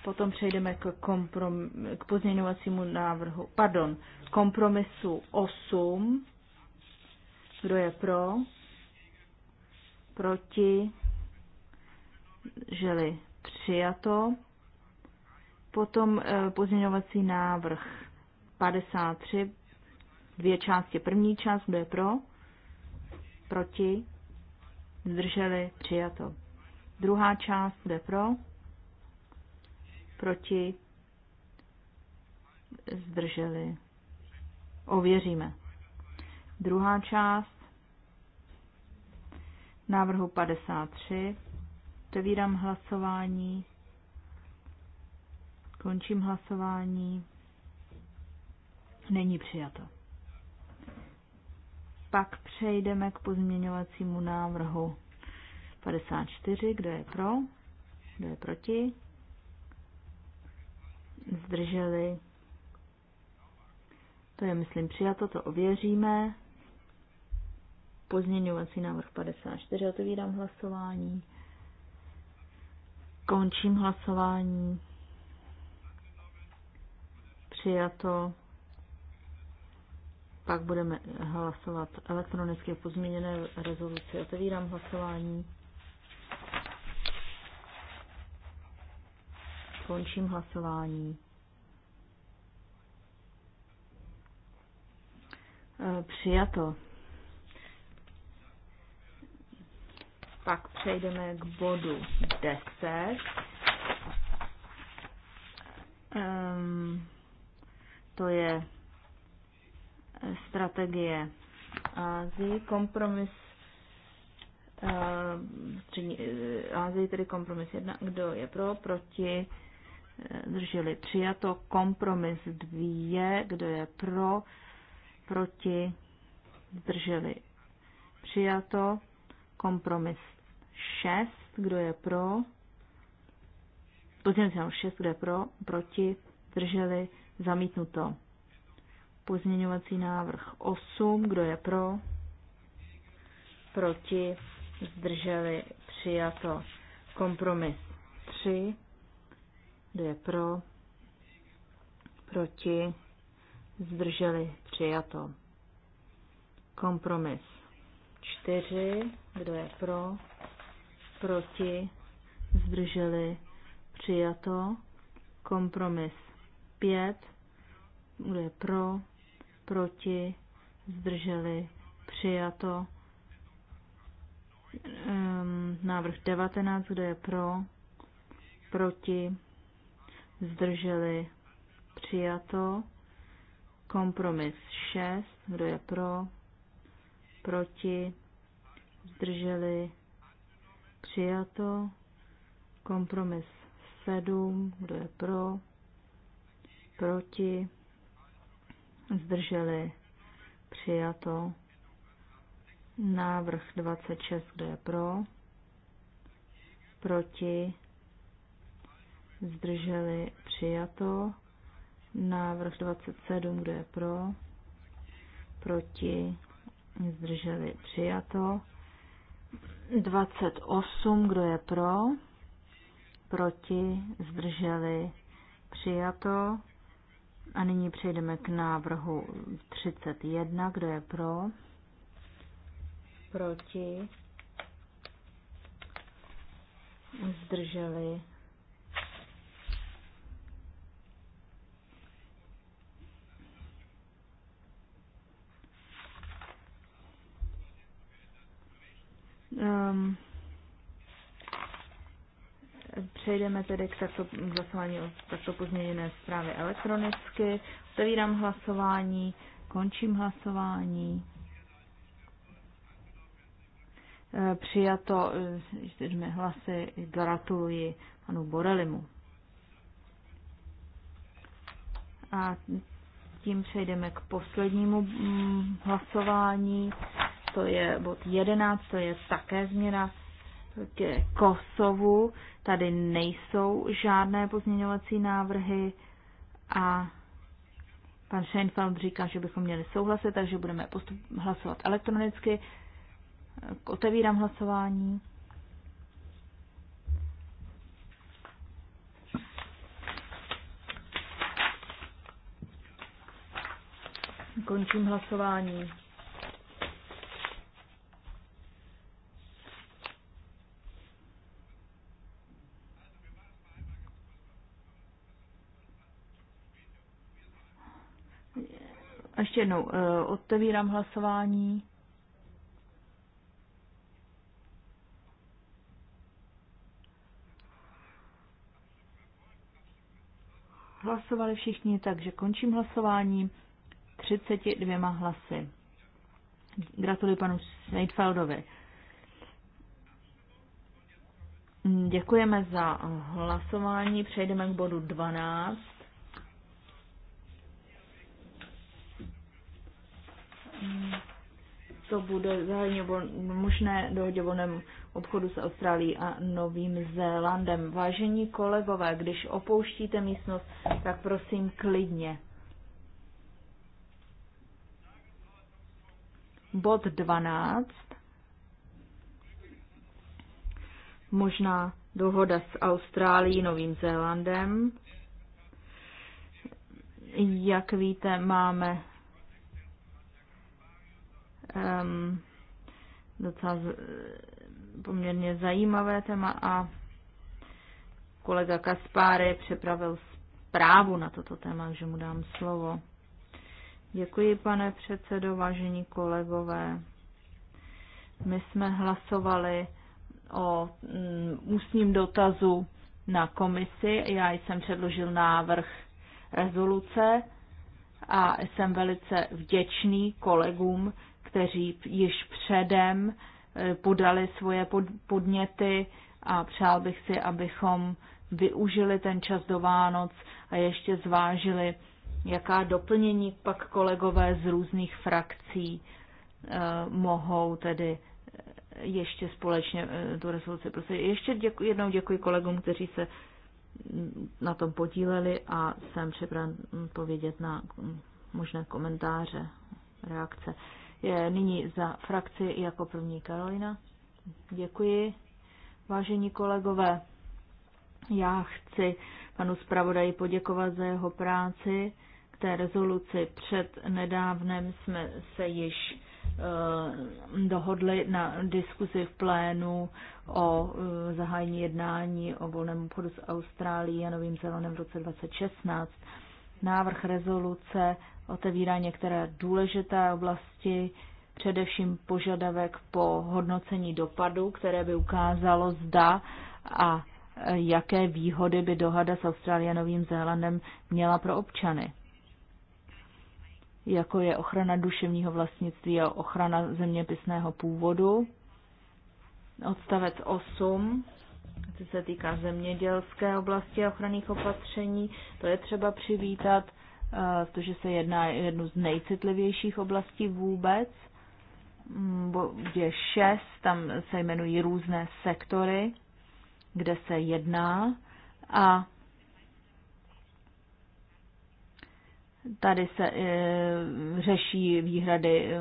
Potom přejdeme k, komprom, k pozměňovacímu návrhu, pardon, kompromisu 8. Kdo je pro? Proti? Želi přijato. Potom eh, pozměňovací návrh 53, dvě části. První část, kdo je pro? Proti? Zdrželi přijato. Druhá část, kdo je pro? proti, zdrželi. Ověříme. Druhá část návrhu 53. Otevírám hlasování. Končím hlasování. Není přijato. Pak přejdeme k pozměňovacímu návrhu 54. Kdo je pro? Kdo je proti? zdrželi. To je, myslím, přijato, to ověříme. Pozměňovací návrh 54, otevírám hlasování. Končím hlasování. Přijato. Pak budeme hlasovat elektronicky o pozměněné rezoluci. Otevírám hlasování. Končím hlasování. E, přijato. Pak přejdeme k bodu 10. Um, ehm, to je strategie Azii, kompromis uh, střední, Azii, tedy kompromis 1, kdo je pro, proti, zdrželi přijato, kompromis dvě, kdo je pro, proti, zdrželi přijato, kompromis šest, kdo je pro, pozměňovací návrh šest, kdo je pro, proti, zdrželi zamítnuto. Pozměňovací návrh 8, kdo je pro, proti, zdrželi přijato, kompromis 3, kdo je pro? Proti? Zdrželi? Přijato. Kompromis. čtyři. Kdo je pro? Proti? Zdrželi? Přijato. Kompromis. pět. Kdo je pro? Proti? Zdrželi? Přijato. Um, návrh 19. Kdo je pro? Proti? zdrželi, přijato. Kompromis 6, kdo je pro, proti, zdrželi, přijato. Kompromis 7, kdo je pro, proti, zdrželi, přijato. Návrh 26, kdo je pro, proti, zdrželi, přijato. Návrh 27, kdo je pro, proti, zdrželi, přijato. 28, kdo je pro, proti, zdrželi, přijato. A nyní přejdeme k návrhu 31, kdo je pro, proti, zdrželi, Um, přejdeme tedy k takto hlasování o takto pozměněné zprávy elektronicky. Otevírám hlasování, končím hlasování. Ehm, přijato eh, čtyřmi hlasy, gratuluji panu Borelimu. A tím přejdeme k poslednímu mm, hlasování to je bod 11, to je také změna k Kosovu. Tady nejsou žádné pozměňovací návrhy a pan Scheinfeld říká, že bychom měli souhlasit, takže budeme postup hlasovat elektronicky. Otevírám hlasování. Končím hlasování. ještě jednou eh, otevírám hlasování. Hlasovali všichni, takže končím hlasování 32 hlasy. Gratuluji panu Seidfeldovi. Děkujeme za hlasování. Přejdeme k bodu 12. to bude zahájení možné dohodě volném obchodu s Austrálií a Novým Zélandem. Vážení kolegové, když opouštíte místnost, tak prosím klidně. Bod 12. Možná dohoda s Austrálií, Novým Zélandem. Jak víte, máme um, docela z, poměrně zajímavé téma a kolega Kaspáry přepravil zprávu na toto téma, že mu dám slovo. Děkuji, pane předsedo, vážení kolegové. My jsme hlasovali o mm, ústním dotazu na komisi. Já jsem předložil návrh rezoluce a jsem velice vděčný kolegům, kteří již předem eh, podali svoje podněty a přál bych si, abychom využili ten čas do Vánoc a ještě zvážili, jaká doplnění pak kolegové z různých frakcí eh, mohou tedy eh, ještě společně tu rezoluci prostě ještě děku, jednou děkuji kolegům, kteří se mm, na tom podíleli a jsem připraven povědět na mm, možné komentáře, reakce je nyní za frakci jako první Karolina. Děkuji. Vážení kolegové, já chci panu zpravodaji poděkovat za jeho práci k té rezoluci. Před nedávnem jsme se již eh, dohodli na diskuzi v plénu o eh, zahájení jednání o volném obchodu s Austrálií a Novým Zelenem v roce 2016. Návrh rezoluce otevírá některé důležité oblasti, především požadavek po hodnocení dopadu, které by ukázalo zda a jaké výhody by dohada s Austrálie Novým Zélandem měla pro občany jako je ochrana duševního vlastnictví a ochrana zeměpisného původu. Odstavec 8 co se týká zemědělské oblasti a ochranných opatření. To je třeba přivítat, protože eh, se jedná jednu z nejcitlivějších oblastí vůbec. Mm, je šest, tam se jmenují různé sektory, kde se jedná a tady se e, řeší výhrady e,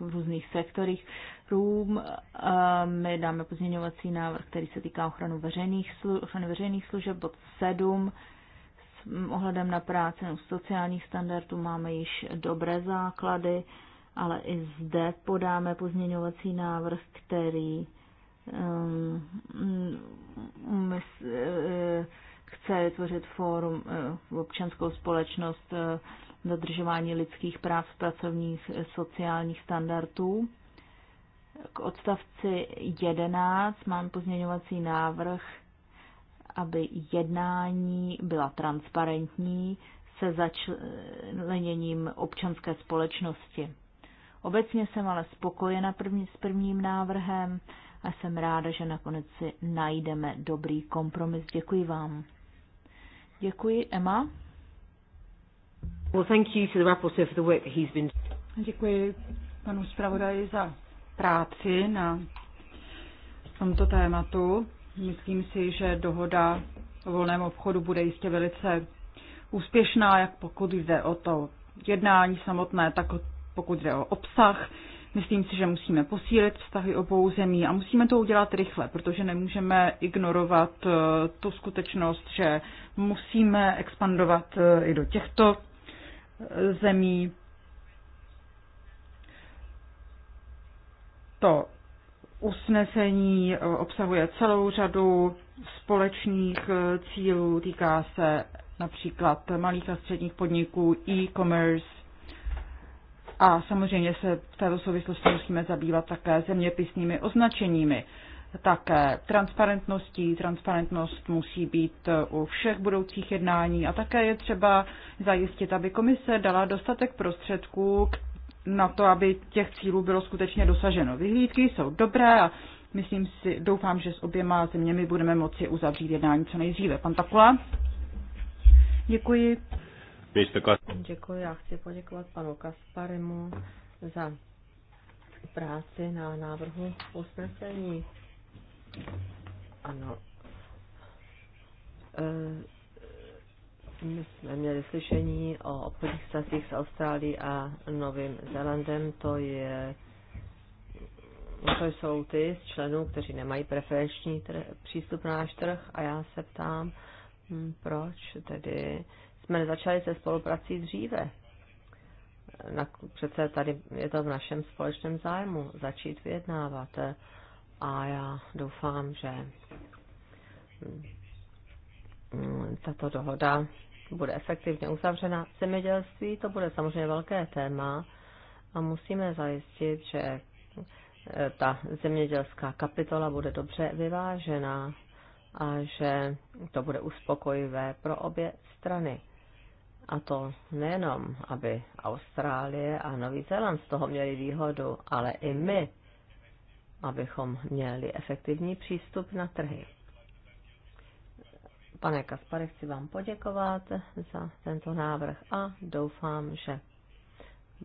v různých sektorích. Room. My dáme pozměňovací návrh, který se týká ochranu veřejných, slu- ochrany veřejných služeb, bod 7. S ohledem na práci no, sociálních standardů máme již dobré základy, ale i zde podáme pozměňovací návrh, který um, uh, chce vytvořit fórum uh, občanskou společnost uh, dodržování lidských práv, pracovních eh, sociálních standardů. K odstavci 11 mám pozměňovací návrh, aby jednání byla transparentní se začleněním občanské společnosti. Obecně jsem ale spokojena první, s prvním návrhem a jsem ráda, že nakonec si najdeme dobrý kompromis. Děkuji vám. Děkuji, Emma. Well, thank you to the for the work that he's been... Děkuji panu zpravodaji za práci na tomto tématu. Myslím si, že dohoda o volném obchodu bude jistě velice úspěšná, jak pokud jde o to jednání samotné, tak pokud jde o obsah. Myslím si, že musíme posílit vztahy obou zemí a musíme to udělat rychle, protože nemůžeme ignorovat eh, tu skutečnost, že musíme expandovat eh, i do těchto eh, zemí. to usnesení eh, obsahuje celou řadu společných eh, cílů, týká se například malých a středních podniků, e-commerce a samozřejmě se v této souvislosti musíme zabývat také zeměpisnými označeními. Také transparentností. Transparentnost musí být eh, u všech budoucích jednání a také je třeba zajistit, aby komise dala dostatek prostředků na to, aby těch cílů bylo skutečně dosaženo. Vyhlídky jsou dobré a myslím si, doufám, že s oběma zeměmi budeme moci uzavřít jednání co nejdříve. Pan Takula? Děkuji. Děkuji, já chci poděkovat panu Kasparimu za práci na návrhu usnesení. Ano. E my jsme měli slyšení o obchodních stacích s Austrálií a Novým Zélandem. To, je, to jsou ty z členů, kteří nemají preferenční trh, přístup na náš trh a já se ptám, hm, proč tedy jsme nezačali se spoluprací dříve. Na, přece tady je to v našem společném zájmu začít vyjednávat a já doufám, že tato dohoda bude efektivně uzavřena. Zemědělství to bude samozřejmě velké téma a musíme zajistit, že eh, ta zemědělská kapitola bude dobře vyvážena a že to bude uspokojivé pro obě strany. A to nejenom, aby Austrálie a Nový Zéland z toho měli výhodu, ale i my, abychom měli efektivní přístup na trhy. Pane Kaspare, chci vám poděkovat za tento návrh a doufám, že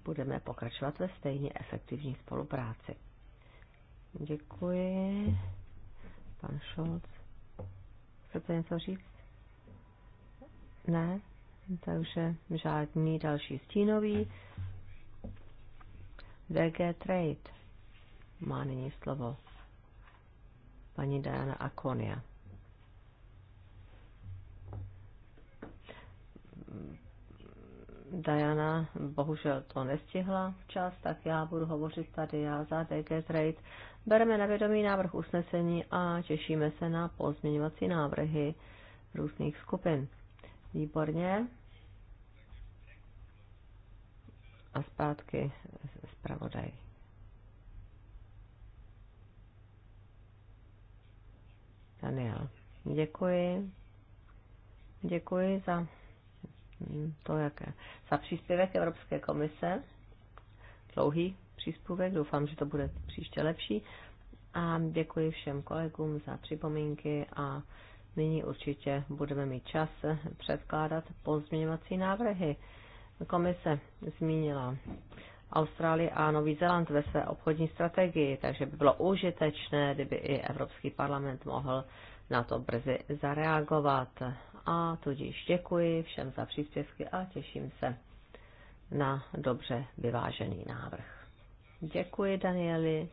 budeme pokračovat ve stejně efektivní spolupráci. Děkuji. Pan Scholz. Chcete něco říct? Ne? Takže žádný další stínový. DG Trade má nyní slovo. Paní Diana Akonia. Diana bohužel to nestihla včas, tak já budu hovořit tady já za DG Trade. Bereme na vědomí návrh usnesení a těšíme se na pozměňovací návrhy různých skupin. Výborně. A zpátky zpravodaj. Daniel, děkuji. Děkuji za to, jaké. za příspěvek Evropské komise, dlouhý příspěvek, doufám, že to bude příště lepší. A děkuji všem kolegům za připomínky a nyní určitě budeme mít čas předkládat pozměňovací návrhy. Komise zmínila Austrálii a Nový Zéland ve své obchodní strategii, takže by bylo užitečné, kdyby i Evropský parlament mohl na to brzy zareagovat a tudíž děkuji všem za příspěvky a těším se na dobře vyvážený návrh. Děkuji, Danieli.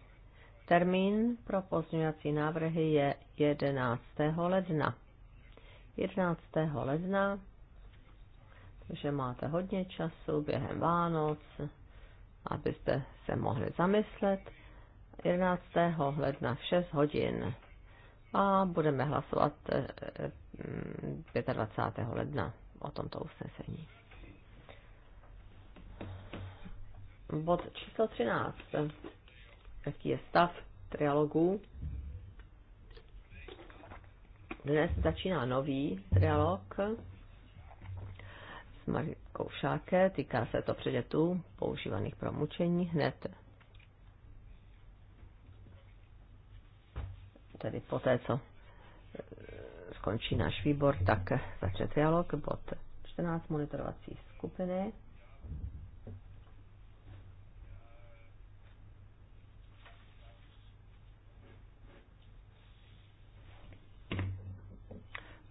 Termín pro pozměňovací návrhy je 11. ledna. 11. ledna, takže máte hodně času během Vánoc, abyste se mohli zamyslet. 11. ledna v 6 hodin a budeme hlasovat 25. Eh, eh, mm, ledna o tomto usnesení. Bod číslo 13. Jaký je stav trialogů? Dnes začíná nový trialog s Marikou Šáke. Týká se to předmětů používaných pro mučení. Hned tedy té, co eh, skončí náš výbor, tak začne dialog, bod 14 monitorovací skupiny.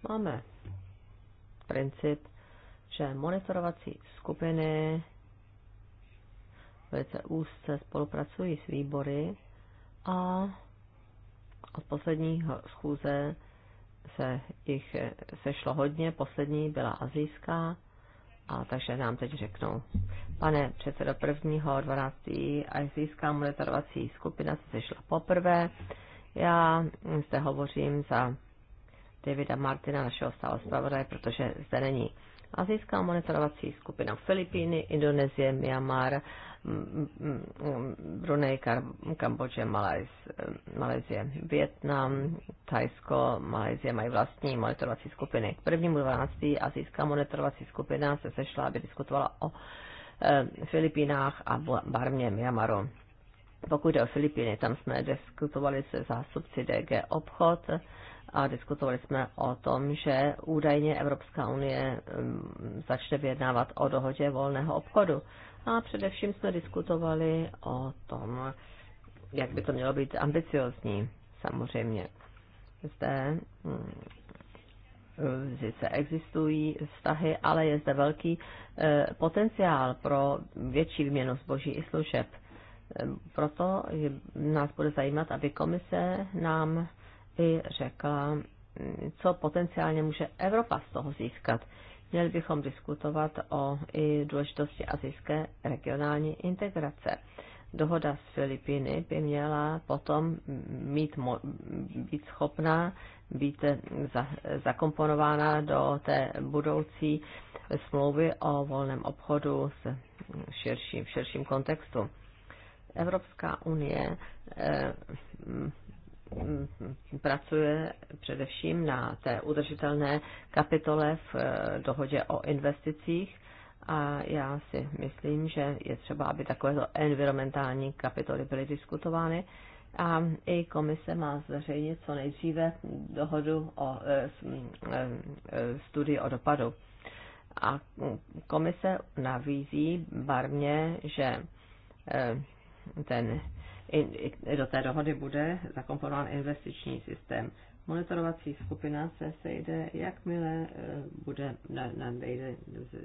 Máme princip, že monitorovací skupiny velice úzce spolupracují s výbory a od poslední schůze se jich sešlo hodně, poslední byla azijská, a takže nám teď řeknou. Pane předsedo prvního 12. azijská monitorovací skupina se sešla poprvé. Já zde hovořím za Davida Martina, našeho stále zpravodaje, protože zde není. Azijská monitorovací skupina Filipíny, Indonésie, Myanmar, Brunei, Kambodže, Malajzie, Vietnam, Tajsko, Malajzie mají vlastní monitorovací skupiny. K prvnímu 12. azijská monitorovací skupina se sešla, aby diskutovala o e, Filipínách a Barmě, Myanmaru. Pokud jde o Filipíny, tam jsme diskutovali se zástupci DG Obchod, a diskutovali jsme o tom, že údajně Evropská unie mm, začne vyjednávat o dohodě volného obchodu. A především jsme diskutovali o tom, jak by to mělo být ambiciozní, samozřejmě. Zde mm, sice existují vztahy, ale je zde velký e, potenciál pro větší výměnu zboží i služeb. E, proto nás bude zajímat, aby komise nám i řekla, co potenciálně může Evropa z toho získat. Měli bychom diskutovat o i důležitosti azijské regionální integrace. Dohoda s Filipíny by měla potom mít, být schopná být za, zakomponována do té budoucí smlouvy o volném obchodu s širším, v širším kontextu. Evropská unie eh, Mm, pracuje především na té udržitelné kapitole v eh, dohodě o investicích a já si myslím, že je třeba, aby takovéto environmentální kapitoly byly diskutovány a i komise má zveřejnit co nejdříve dohodu o eh, mm, eh, studii o dopadu. A komise navízí barmě, že ten do té dohody bude zakomponován investiční systém. Monitorovací skupina se sejde, jakmile e, bude nadejde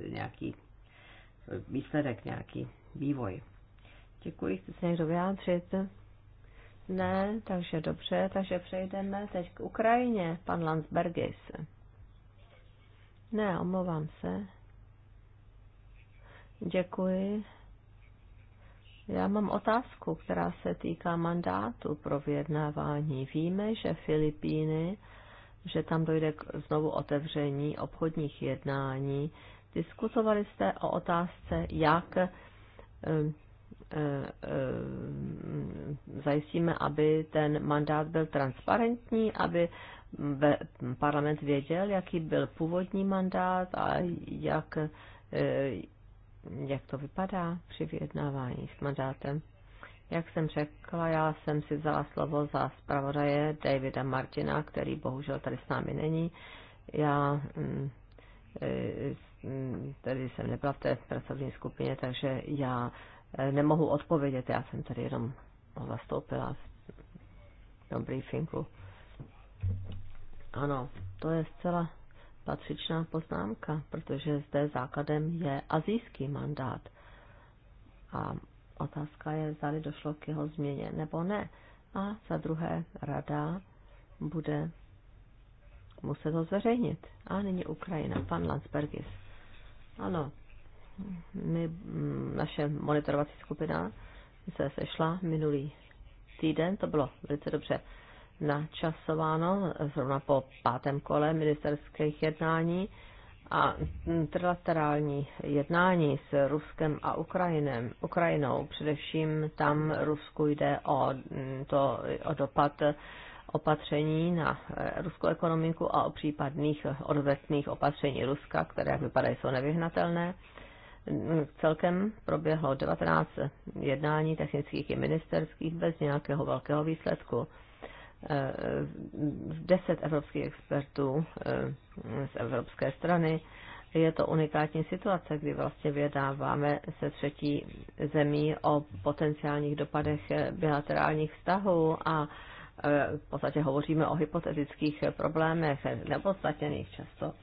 nějaký e, výsledek, nějaký vývoj. Děkuji, chce se někdo vyjádřit? Ne, takže dobře, takže přejdeme teď k Ukrajině, pan Landsbergis. Ne, omlouvám se. Děkuji. Já mám otázku, která se týká mandátu pro vyjednávání. Víme, že Filipíny, že tam dojde k znovu otevření obchodních jednání. Diskutovali jste o otázce, jak eh, eh, eh, zajistíme, aby ten mandát byl transparentní, aby parlament věděl, jaký byl původní mandát a jak jak to vypadá při vyjednávání s mandátem. Jak jsem řekla, já jsem si vzala slovo za zpravodaje Davida Martina, který bohužel tady s námi není. Já mm, e, mm, tady jsem nebyla v té pracovní skupině, takže já e, nemohu odpovědět, já jsem tady jenom zastoupila v tom briefingu. Ano, to je zcela patřičná poznámka, protože zde základem je azijský mandát. A otázka je, zda došlo k jeho změně nebo ne. A za druhé, rada bude muset ho zveřejnit. A nyní Ukrajina, pan Landsbergis. Ano, my, mm, naše monitorovací skupina se sešla minulý týden, to bylo velice dobře načasováno zrovna po pátém kole ministerských jednání a trilaterální jednání s Ruskem a Ukrajinem, Ukrajinou. Především tam Rusku jde o, to, o dopad opatření na ruskou ekonomiku a o případných odvetných opatření Ruska, které, jak vypadá, jsou nevyhnatelné. Celkem proběhlo 19 jednání technických i ministerských bez nějakého velkého výsledku. Eh, deset evropských expertů eh, z evropské strany. Je to unikátní situace, kdy vlastně vědáváme se třetí zemí o potenciálních dopadech bilaterálních vztahů a eh, v podstatě hovoříme o hypotetických problémech, nepodstatněných často.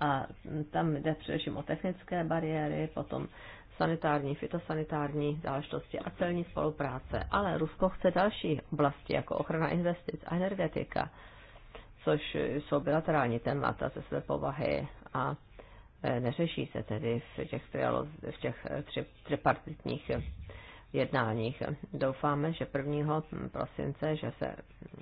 A tam jde především o technické bariéry, potom sanitární, fitosanitární záležitosti a celní spolupráce. Ale Rusko chce další oblasti, jako ochrana investic a energetika, což jsou bilaterální témata ze své povahy a e, neřeší se tedy v těch, v těch e, tři, tripartitních jednáních. Doufáme, že 1. prosince, že se,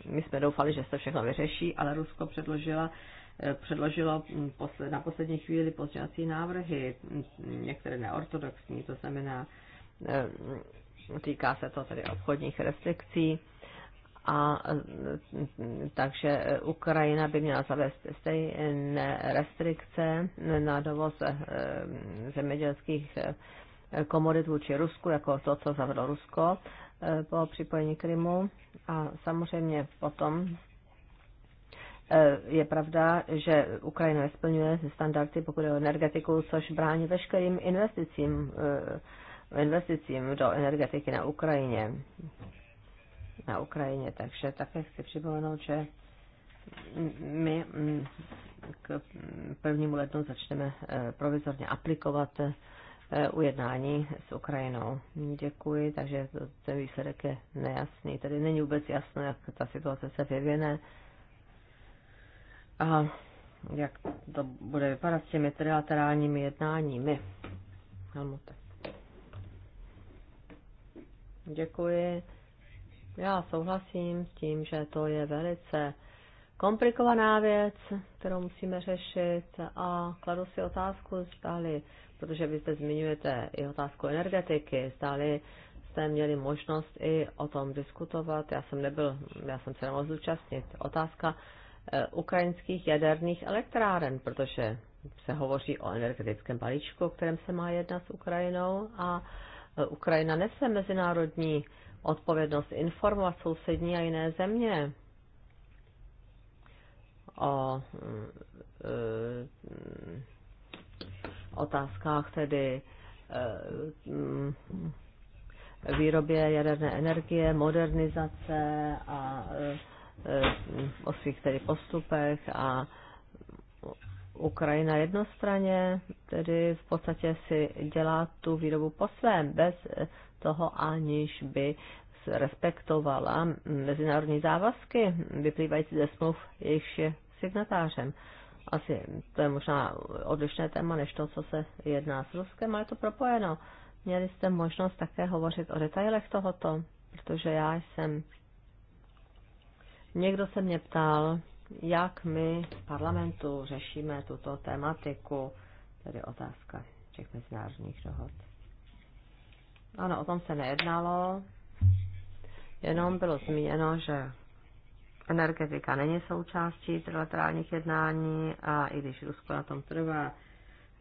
my jsme doufali, že se všechno vyřeší, ale Rusko předložila Eh, předložilo mm, na poslední chvíli pozdělací návrhy, mm, některé neortodoxní, to znamená, eh, týká se to tedy obchodních restrikcí. A mm, takže eh, Ukrajina by měla zavést stejné restrikce na dovoz zemědělských komodit vůči Rusku, jako to, co zavedlo Rusko po připojení Krymu. A samozřejmě potom E, je pravda, že Ukrajina nesplňuje standardy, pokud je o energetiku, což brání veškerým investicím, e, investicím do energetiky na Ukrajině. Na Ukrajině, takže také chci připomenout, že my mm, k prvnímu lednu začneme e, provizorně aplikovat ujednání s Ukrajinou. Děkuji, takže ten výsledek je nejasný. Tady není vůbec jasné, jak ta situace se vyvine a jak to bude vypadat s těmi trilaterálními jednáními. Helmute. Děkuji. Já souhlasím s tím, že to je velice komplikovaná věc, kterou musíme řešit a kladu si otázku, zdali, protože vy zde zmiňujete i otázku energetiky, zdali jste měli možnost i o tom diskutovat. Já jsem nebyl, já jsem se nemohl zúčastnit. Otázka Eh, ukrajinských jaderných elektráren, protože se hovoří o energetickém balíčku, o kterém se má jednat s Ukrajinou a eh, Ukrajina nese mezinárodní odpovědnost informovat sousední a jiné země o eh, otázkách tedy mm, výrobě jaderné energie, modernizace a Eh, o svých tedy postupech a Ukrajina jednostranně tedy v podstatě si dělá tu výrobu po svém, bez toho aniž by respektovala mezinárodní závazky vyplývající ze smluv, jejich signatářem. Asi to je možná odlišné téma než to, co se jedná s Ruskem, ale je to propojeno. Měli jste možnost také hovořit o detailech tohoto, protože já jsem Někdo se mě ptal, jak my v parlamentu řešíme tuto tématiku, tedy otázka těch mezinárodních dohod. Ano, o tom se nejednalo, jenom bylo zmíněno, že energetika není součástí trilaterálních jednání a i když Rusko na tom trvá,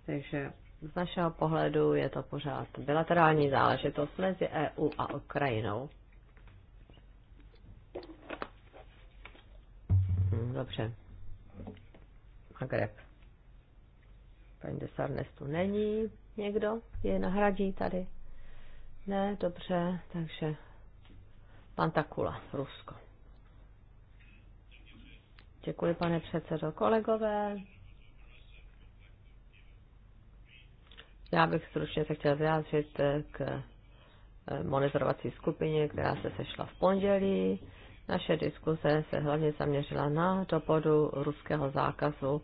takže z našeho pohledu je to pořád bilaterální záležitost mezi EU a Ukrajinou. dobře. Magreb. Paní Sarnes tu není. Někdo je nahradí tady? Ne, dobře, takže Pantakula, Rusko. Děkuji, pane předsedo. Kolegové, já bych stručně se chtěl vyjádřit k monitorovací skupině, která se sešla v pondělí naše diskuze se hlavně zaměřila na dopadu ruského zákazu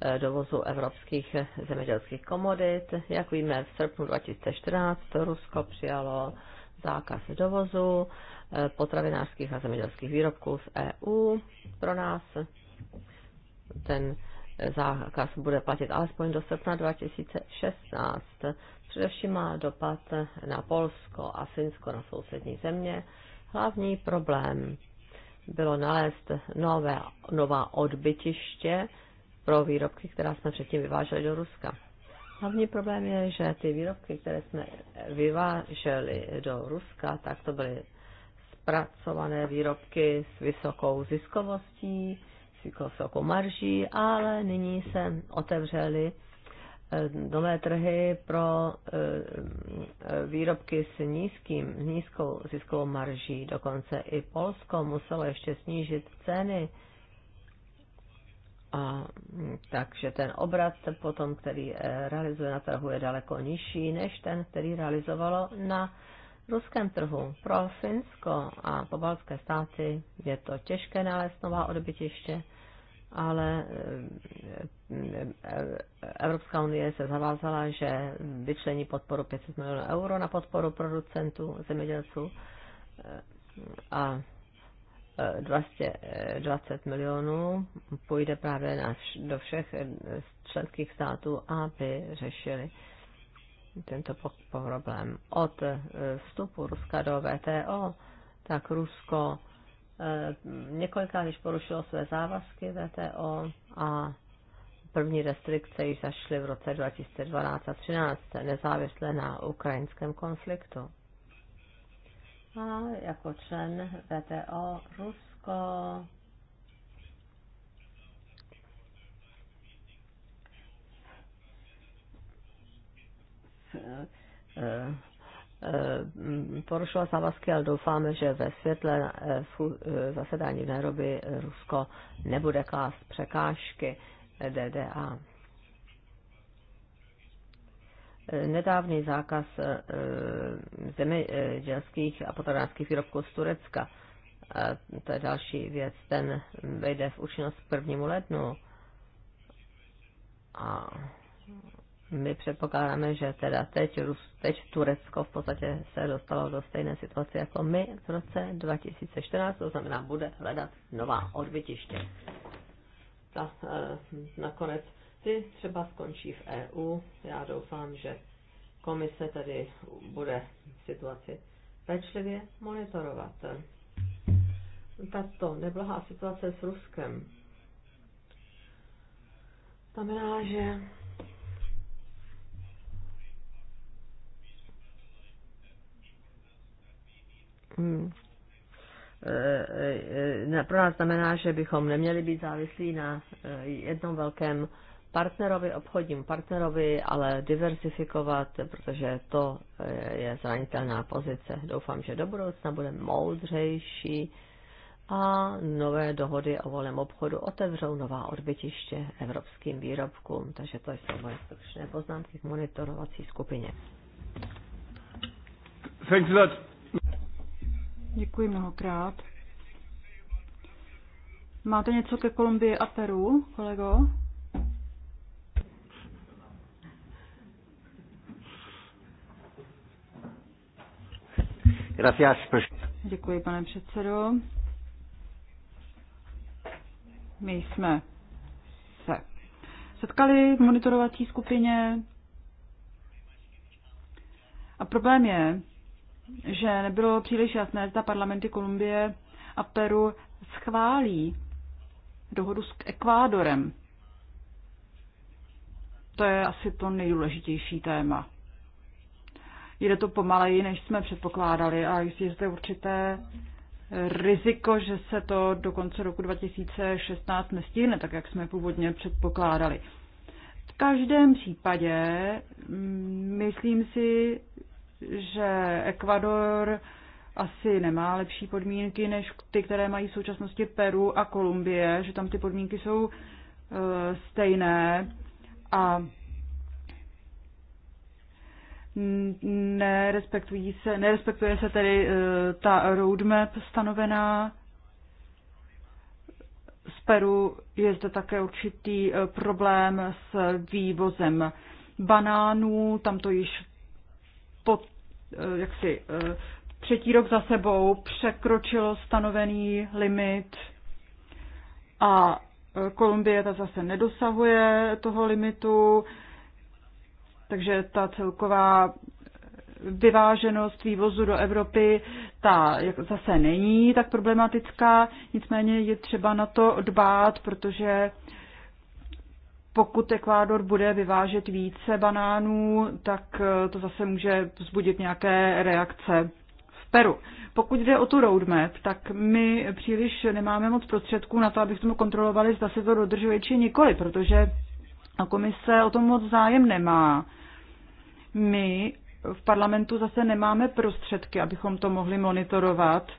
eh, dovozu evropských zemědělských komodit. Jak víme, v srpnu 2014 Rusko přijalo zákaz dovozu eh, potravinářských a zemědělských výrobků z EU pro nás. Ten zákaz bude platit alespoň do srpna 2016. Především má dopad na Polsko a Finsko, na sousední země, Hlavní problém bylo nalézt nové, nová odbytiště pro výrobky, která jsme předtím vyváželi do Ruska. Hlavní problém je, že ty výrobky, které jsme vyváželi do Ruska, tak to byly zpracované výrobky s vysokou ziskovostí, s vysokou marží, ale nyní se otevřely Eh, nové trhy pro eh, eh, výrobky s nízkým, nízkou ziskovou marží. Dokonce i Polsko muselo ještě snížit ceny. A, hm, takže ten obrat potom, který realizuje na trhu, je daleko nižší než ten, který realizovalo na ruském trhu. Pro Finsko a pobalské státy je to těžké nalézt nová odbytiště ale eh, eh, Evropská unie se zavázala, že vyčlení podporu 500 milionů euro na podporu producentů, zemědělců eh, a 20 milionů půjde právě na, do všech členských států, aby řešili tento problém. Od vstupu Ruska do VTO, tak Rusko Eh, několikrát již porušilo své závazky VTO a první restrikce již zašly v roce 2012 a 2013, nezávisle na ukrajinském konfliktu. A jako člen VTO Rusko uh. Eh, porušila závazky, ale doufáme, že ve světle eh, eh, zasedání v Nairobi Rusko nebude klást překážky DDA. Nedávný zákaz zemědělských a potravinářských výrobků z Turecka, to je další věc, ten vejde v účinnost k 1. lednu. A my předpokládáme, že teda teď, teď Turecko v podstatě se dostalo do stejné situace jako my v roce 2014, to znamená, bude hledat nová odbytiště. Ta, e, nakonec ty třeba skončí v EU. Já doufám, že komise tady bude situaci pečlivě monitorovat. Tato neblahá situace s Ruskem znamená, že Hmm. E, e, e, pro nás znamená, že bychom neměli být závislí na jednom velkém partnerovi, obchodním partnerovi, ale diversifikovat, protože to je zranitelná pozice. Doufám, že do budoucna bude moudřejší a nové dohody o volném obchodu otevřou nová odbytiště evropským výrobkům. Takže to jsou moje stručné poznámky k monitorovací skupině. Thanks a lot. Děkuji mnohokrát. Máte něco ke Kolumbii a Peru, kolego? Děkuji, pane předsedo. My jsme se setkali v monitorovací skupině a problém je, že nebylo příliš jasné, zda parlamenty Kolumbie a Peru schválí dohodu s Ekvádorem. To je asi to nejdůležitější téma. Jde to pomaleji, než jsme předpokládali a je zde určité riziko, že se to do konce roku 2016 nestihne, tak jak jsme původně předpokládali. V každém případě mm, myslím si, že Ekvador asi nemá lepší podmínky než ty, které mají v současnosti Peru a Kolumbie, že tam ty podmínky jsou eh, stejné a nerespektují se, nerespektuje se tedy eh, ta roadmap stanovená. Z Peru je zde také určitý eh, problém s vývozem banánů, tam to již po, eh, jaksi, eh, třetí rok za sebou překročilo stanovený limit a eh, Kolumbie ta zase nedosahuje toho limitu, takže ta celková vyváženost vývozu do Evropy, ta zase není tak problematická, nicméně je třeba na to dbát, protože pokud Ekvádor bude vyvážet více banánů, tak eh, to zase může vzbudit nějaké reakce v Peru. Pokud jde o tu roadmap, tak my příliš nemáme moc prostředků na to, abychom kontrolovali, zda se to dodržuje či nikoli, protože komise o tom moc zájem nemá. My v parlamentu zase nemáme prostředky, abychom to mohli monitorovat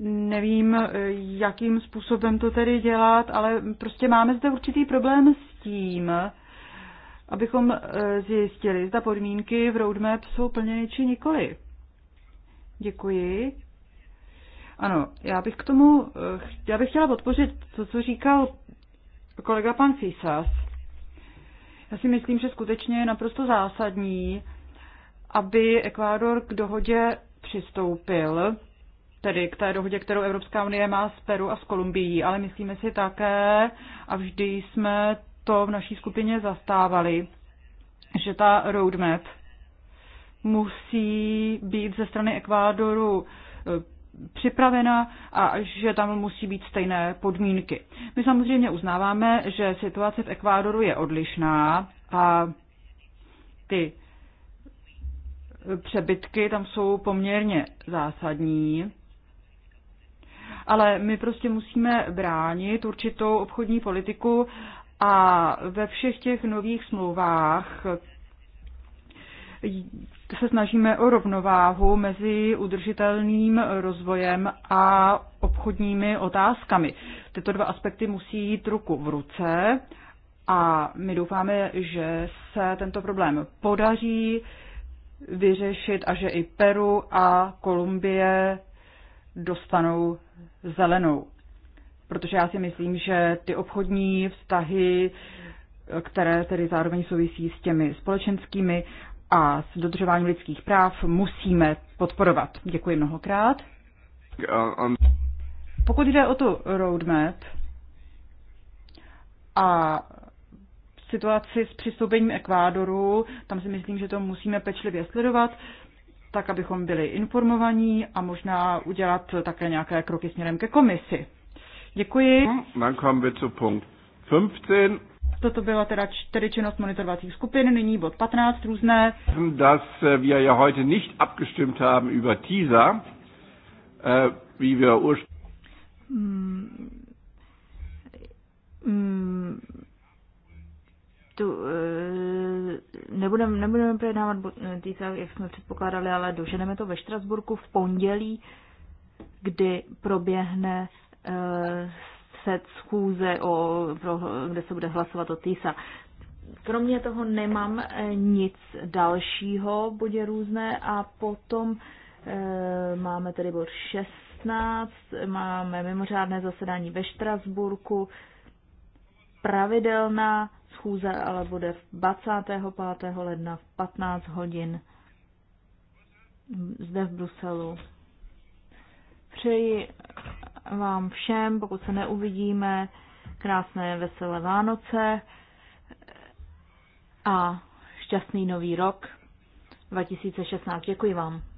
nevím, eh, jakým způsobem to tedy dělat, ale prostě máme zde určitý problém s tím, abychom eh, zjistili, zda podmínky v roadmap jsou plněny či nikoli. Děkuji. Ano, já bych k tomu, eh, já bych chtěla podpořit to, co říkal kolega pan Fisas. Já si myslím, že skutečně je naprosto zásadní, aby Ekvádor k dohodě přistoupil tedy k té dohodě, kterou Evropská unie má s Peru a s Kolumbií, ale myslíme si také, a vždy jsme to v naší skupině zastávali, že ta roadmap musí být ze strany Ekvádoru eh, připravena a že tam musí být stejné podmínky. My samozřejmě uznáváme, že situace v Ekvádoru je odlišná a ty přebytky tam jsou poměrně zásadní ale my prostě musíme bránit určitou obchodní politiku a ve všech těch nových smlouvách se snažíme o rovnováhu mezi udržitelným rozvojem a obchodními otázkami. Tyto dva aspekty musí jít ruku v ruce a my doufáme, že se tento problém podaří vyřešit a že i Peru a Kolumbie dostanou zelenou. Protože já si myslím, že ty obchodní vztahy, které tedy zároveň souvisí s těmi společenskými a s dodržováním lidských práv, musíme podporovat. Děkuji mnohokrát. Pokud jde o tu roadmap a situaci s přistoupením Ekvádoru, tam si myslím, že to musíme pečlivě sledovat tak abychom byli informovaní a možná udělat také nějaké kroky směrem ke komisi. Děkuji. Dann kommen wir zu Punkt 15. Toto byla teda čtyři činnost monitorovacích skupin, nyní bod 15 různé. Dass äh, wir ja heute nicht abgestimmt haben über TISA, äh, wie wir ursprünglich... Hmm. Hmm tu, eh, nebudeme, nebudeme projednávat eh, týsa, jak jsme předpokládali, ale doženeme to ve Štrasburku v pondělí, kdy proběhne eh, set schůze, o, pro, kde se bude hlasovat o TISA. Kromě toho nemám nic dalšího, bodě různé, a potom máme tedy bod 16, máme mimořádné zasedání ve Štrasburku, pravidelná schůze, ale bude 25. ledna v 15 hodin zde v Bruselu. Přeji vám všem, pokud se neuvidíme, krásné veselé Vánoce a šťastný nový rok 2016. Děkuji vám.